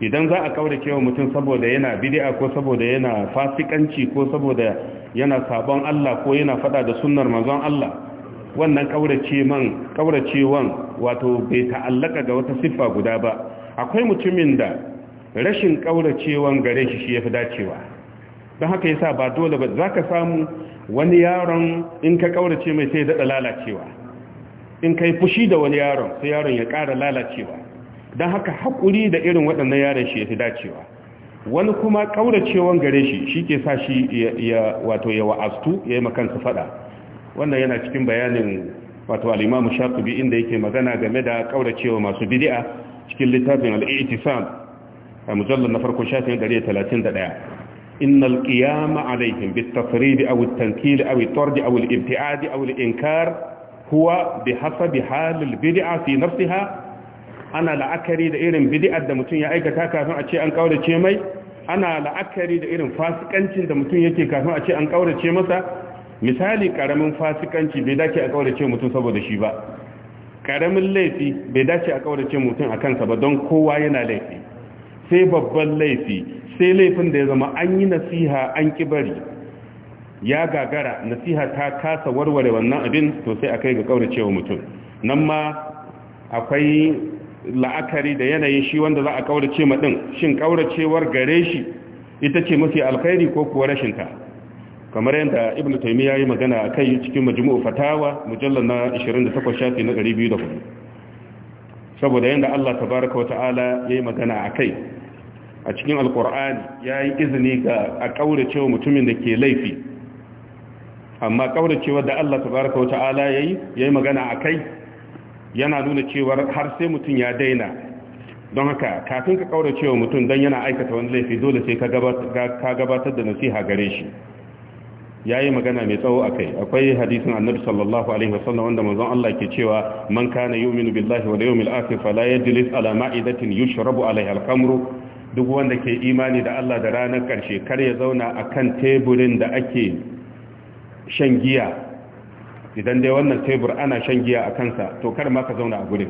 idan za a kaura cewa mutum saboda yana bid'a ko saboda yana fasikanci ko saboda yana sabon Allah ko yana fada da sunnar manzon Allah wannan kaurace man wato bai ta'allaka ga wata siffa guda ba akwai mutumin da rashin kauracewan gare shi shi yafi dacewa don haka yasa ba dole ba zaka samu wani yaron in ka kaurace mai sai daɗa lalacewa in ka yi fushi da wani yaron sai yaron ya ƙara lalacewa don haka haƙuri da irin waɗannan yaron shi ya fi dacewa wani kuma ƙauracewan gare shi shi ke sa shi ya wato ya wa'astu ya yi makansa faɗa wannan yana cikin bayanin wato alimamu shafi inda yake magana game da ƙauracewa masu bidi'a cikin littafin sam a mujallar na farko shafin 131 إن القيام عليهم بالتفريد أو التنكيل أو الطرد أو الابتعاد أو الإنكار هو بحسب حال البدعة في نفسها أنا لأكري دائرين بدعة دمتون يا أيكا كافن أتشي أن قولة شيمي أنا لأكري دائرين فاسقانشين دمتون يكي كافن أتشي أن قولة شيمتا misali karamin fasikanci bai dace a kaurace mutum saboda shi ba karamin laifi bai dace a kaurace mutum a kansa ba don kowa yana laifi sai babban laifi sai laifin da ya zama an yi nasiha an kibari ya gagara nasiha ta kasa warware wannan abin to sai akai ga cewa mutum nan ma akwai la'akari da yanayin shi wanda za a kaurace ma din shin kauracewar gare shi ita ce mafi alkhairi ko kuwa rashin ta kamar yadda ibn ya yi magana akai cikin majmu'u fatawa mujallal na 28 shafi na 200 saboda yadda Allah tabaraka wa ta'ala yi magana a kai. a cikin alkur'ani ya yi izini ga a wa mutumin da ke laifi amma ƙauracewa da Allah tabaraka wata'ala ya yi ya yi magana a kai yana nuna cewar har sai mutum ya daina don haka kafin ka wa mutum don yana aikata wani laifi dole sai ka gabatar da nasiha gare shi ya yi magana mai tsawo a kai akwai hadisin annabi sallallahu alaihi wasallam wanda manzon Allah ke cewa man kana yu'minu billahi wal yawmil akhir fala yajlis ala ma'idatin yushrabu alaiha al-khamru duk wanda ke imani da Allah da ranar ƙarshe kar ya zauna a kan teburin da ake shan giya idan dai wannan tebur ana shan giya a kansa to kar ma ka zauna a gurin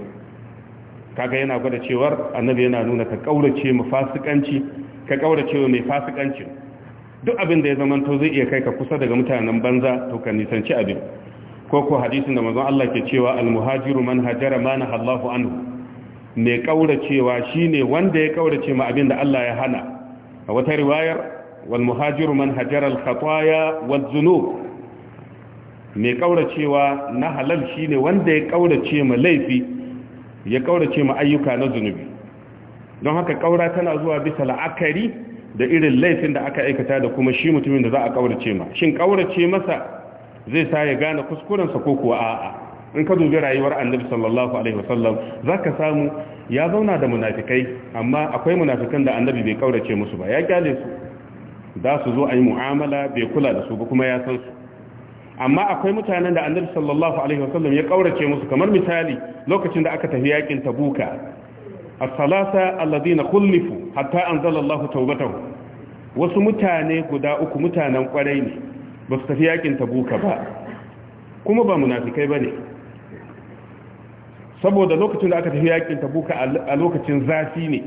kaga yana gwada cewar annabi yana nuna ka ƙaurace mu fasikanci ka mai fasikanci duk abin da ya zamanto zai iya kai ka kusa daga mutanen banza to ka nisanci abin ko ko hadisin da manzon Allah ke cewa al-muhajiru man hajara ma anhu mai kauracewa shine wanda ya kaurace ma abinda Allah ya hana a wata riwayar wal muhajiru man hajara khataya wal zunub mai ƙauracewa na halal shine wanda ya ƙaurace ma laifi ya ƙaurace ma ayyuka na zunubi don haka ƙaura tana zuwa bisa la'akari da irin laifin da aka aikata da kuma shi mutumin da za a ƙaurace ma shin ƙaurace masa zai sa ya gane kuskurensa ko kuwa a'a in ka dubi rayuwar annabi sallallahu alaihi wasallam zaka samu ya zauna da munafikai amma akwai munafikan da annabi bai kaurace musu ba ya kyale su da su zo ayi mu'amala bai kula da su ba kuma ya san su amma akwai mutanen da annabi sallallahu alaihi wasallam ya kaurace musu kamar misali lokacin da aka tafi yakin tabuka as-salasa alladhina khulifu hatta anzala Allahu tawbatahu wasu mutane guda uku mutanen kwarai ne ba su tafi yakin tabuka ba kuma ba munafikai bane saboda lokacin da aka tafi yakin tabuka a lokacin zafi ne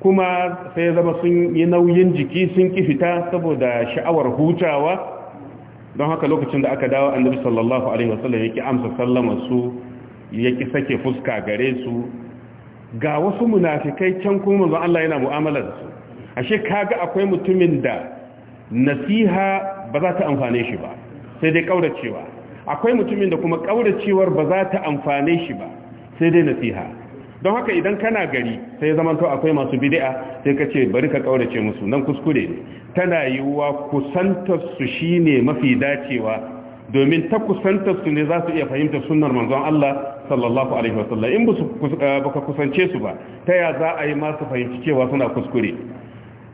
kuma sai ya zama sun yi nauyin jiki sun ki fita saboda sha'awar hutawa don haka lokacin da aka dawo annabi sallallahu alaihi wasallam yake amsa sallama su yake sake fuska gare su ga wasu munafikai can kuma manzon Allah yana mu'amala da su ashe kaga akwai mutumin da nasiha ba za ta amfane shi ba sai dai kauracewa akwai mutumin da kuma kauracewar ba za ta amfane shi ba sai dai nasiha don haka idan kana gari sai zaman to akwai masu bid'a sai ka ce bari ka kaurace musu nan kuskure ne tana yiwuwa kusantar su shine mafi dacewa domin ta kusantar su ne za su iya fahimtar sunnar manzon Allah sallallahu alaihi wasallam in baka eh, kusance su ba ta ya za a yi masu fahimci cewa suna kuskure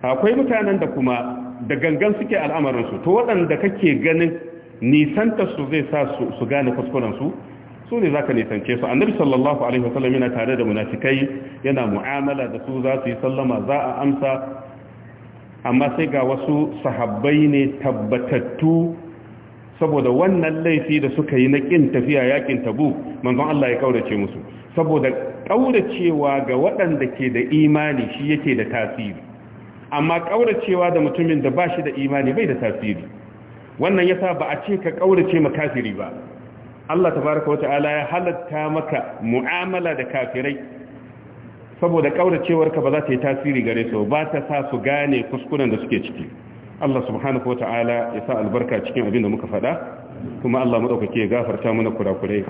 akwai mutanen da kuma da gangan suke al'amarin su to waɗanda kake ganin nisantar su zai sa su gane kuskuren su su ne za ka nisance su annabi sallallahu alaihi wasallam yana tare da munafikai yana mu'amala da su za su yi sallama za a amsa amma sai ga wasu sahabbai ne tabbatattu saboda wannan laifi da suka yi na ƙin tafiya yakin tabu manzon Allah ya ƙaurace musu saboda ƙauracewa ga waɗanda ke da imani shi yake da tasiri amma ƙauracewa da mutumin da ba shi da imani bai da tasiri wannan yasa ba a ce ka ƙaurace makafiri ba Allah tabaraka wa ta'ala ya halatta maka mu'amala da kafirai saboda kauracewarka ba za ta yi tasiri gare su ba ta sa su gane kuskuren da suke ciki Allah subhanahu wa ta'ala ya sa albarka cikin abin da muka faɗa kuma Allah madaukake ya gafarta mana kurakurai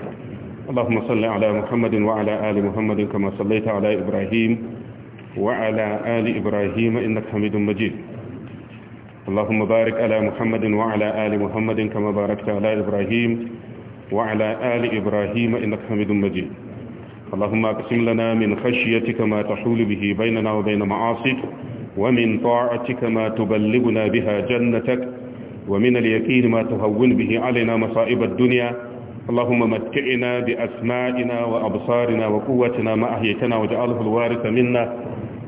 اللهم صل على محمد وعلى آل محمد كما صليت على إبراهيم وعلى آل إبراهيم إنك حميد مجيد اللهم بارك على محمد وعلى آل محمد كما باركت على إبراهيم وعلى آل إبراهيم إنك حميد مجيد اللهم اقسم لنا من خشيتك ما تحول به بيننا وبين معاصيك ومن طاعتك ما تبلغنا بها جنتك ومن اليقين ما تهون به علينا مصائب الدنيا اللهم متعنا بأسمائنا وأبصارنا وقوتنا ما أحيتنا وجعله الوارث منا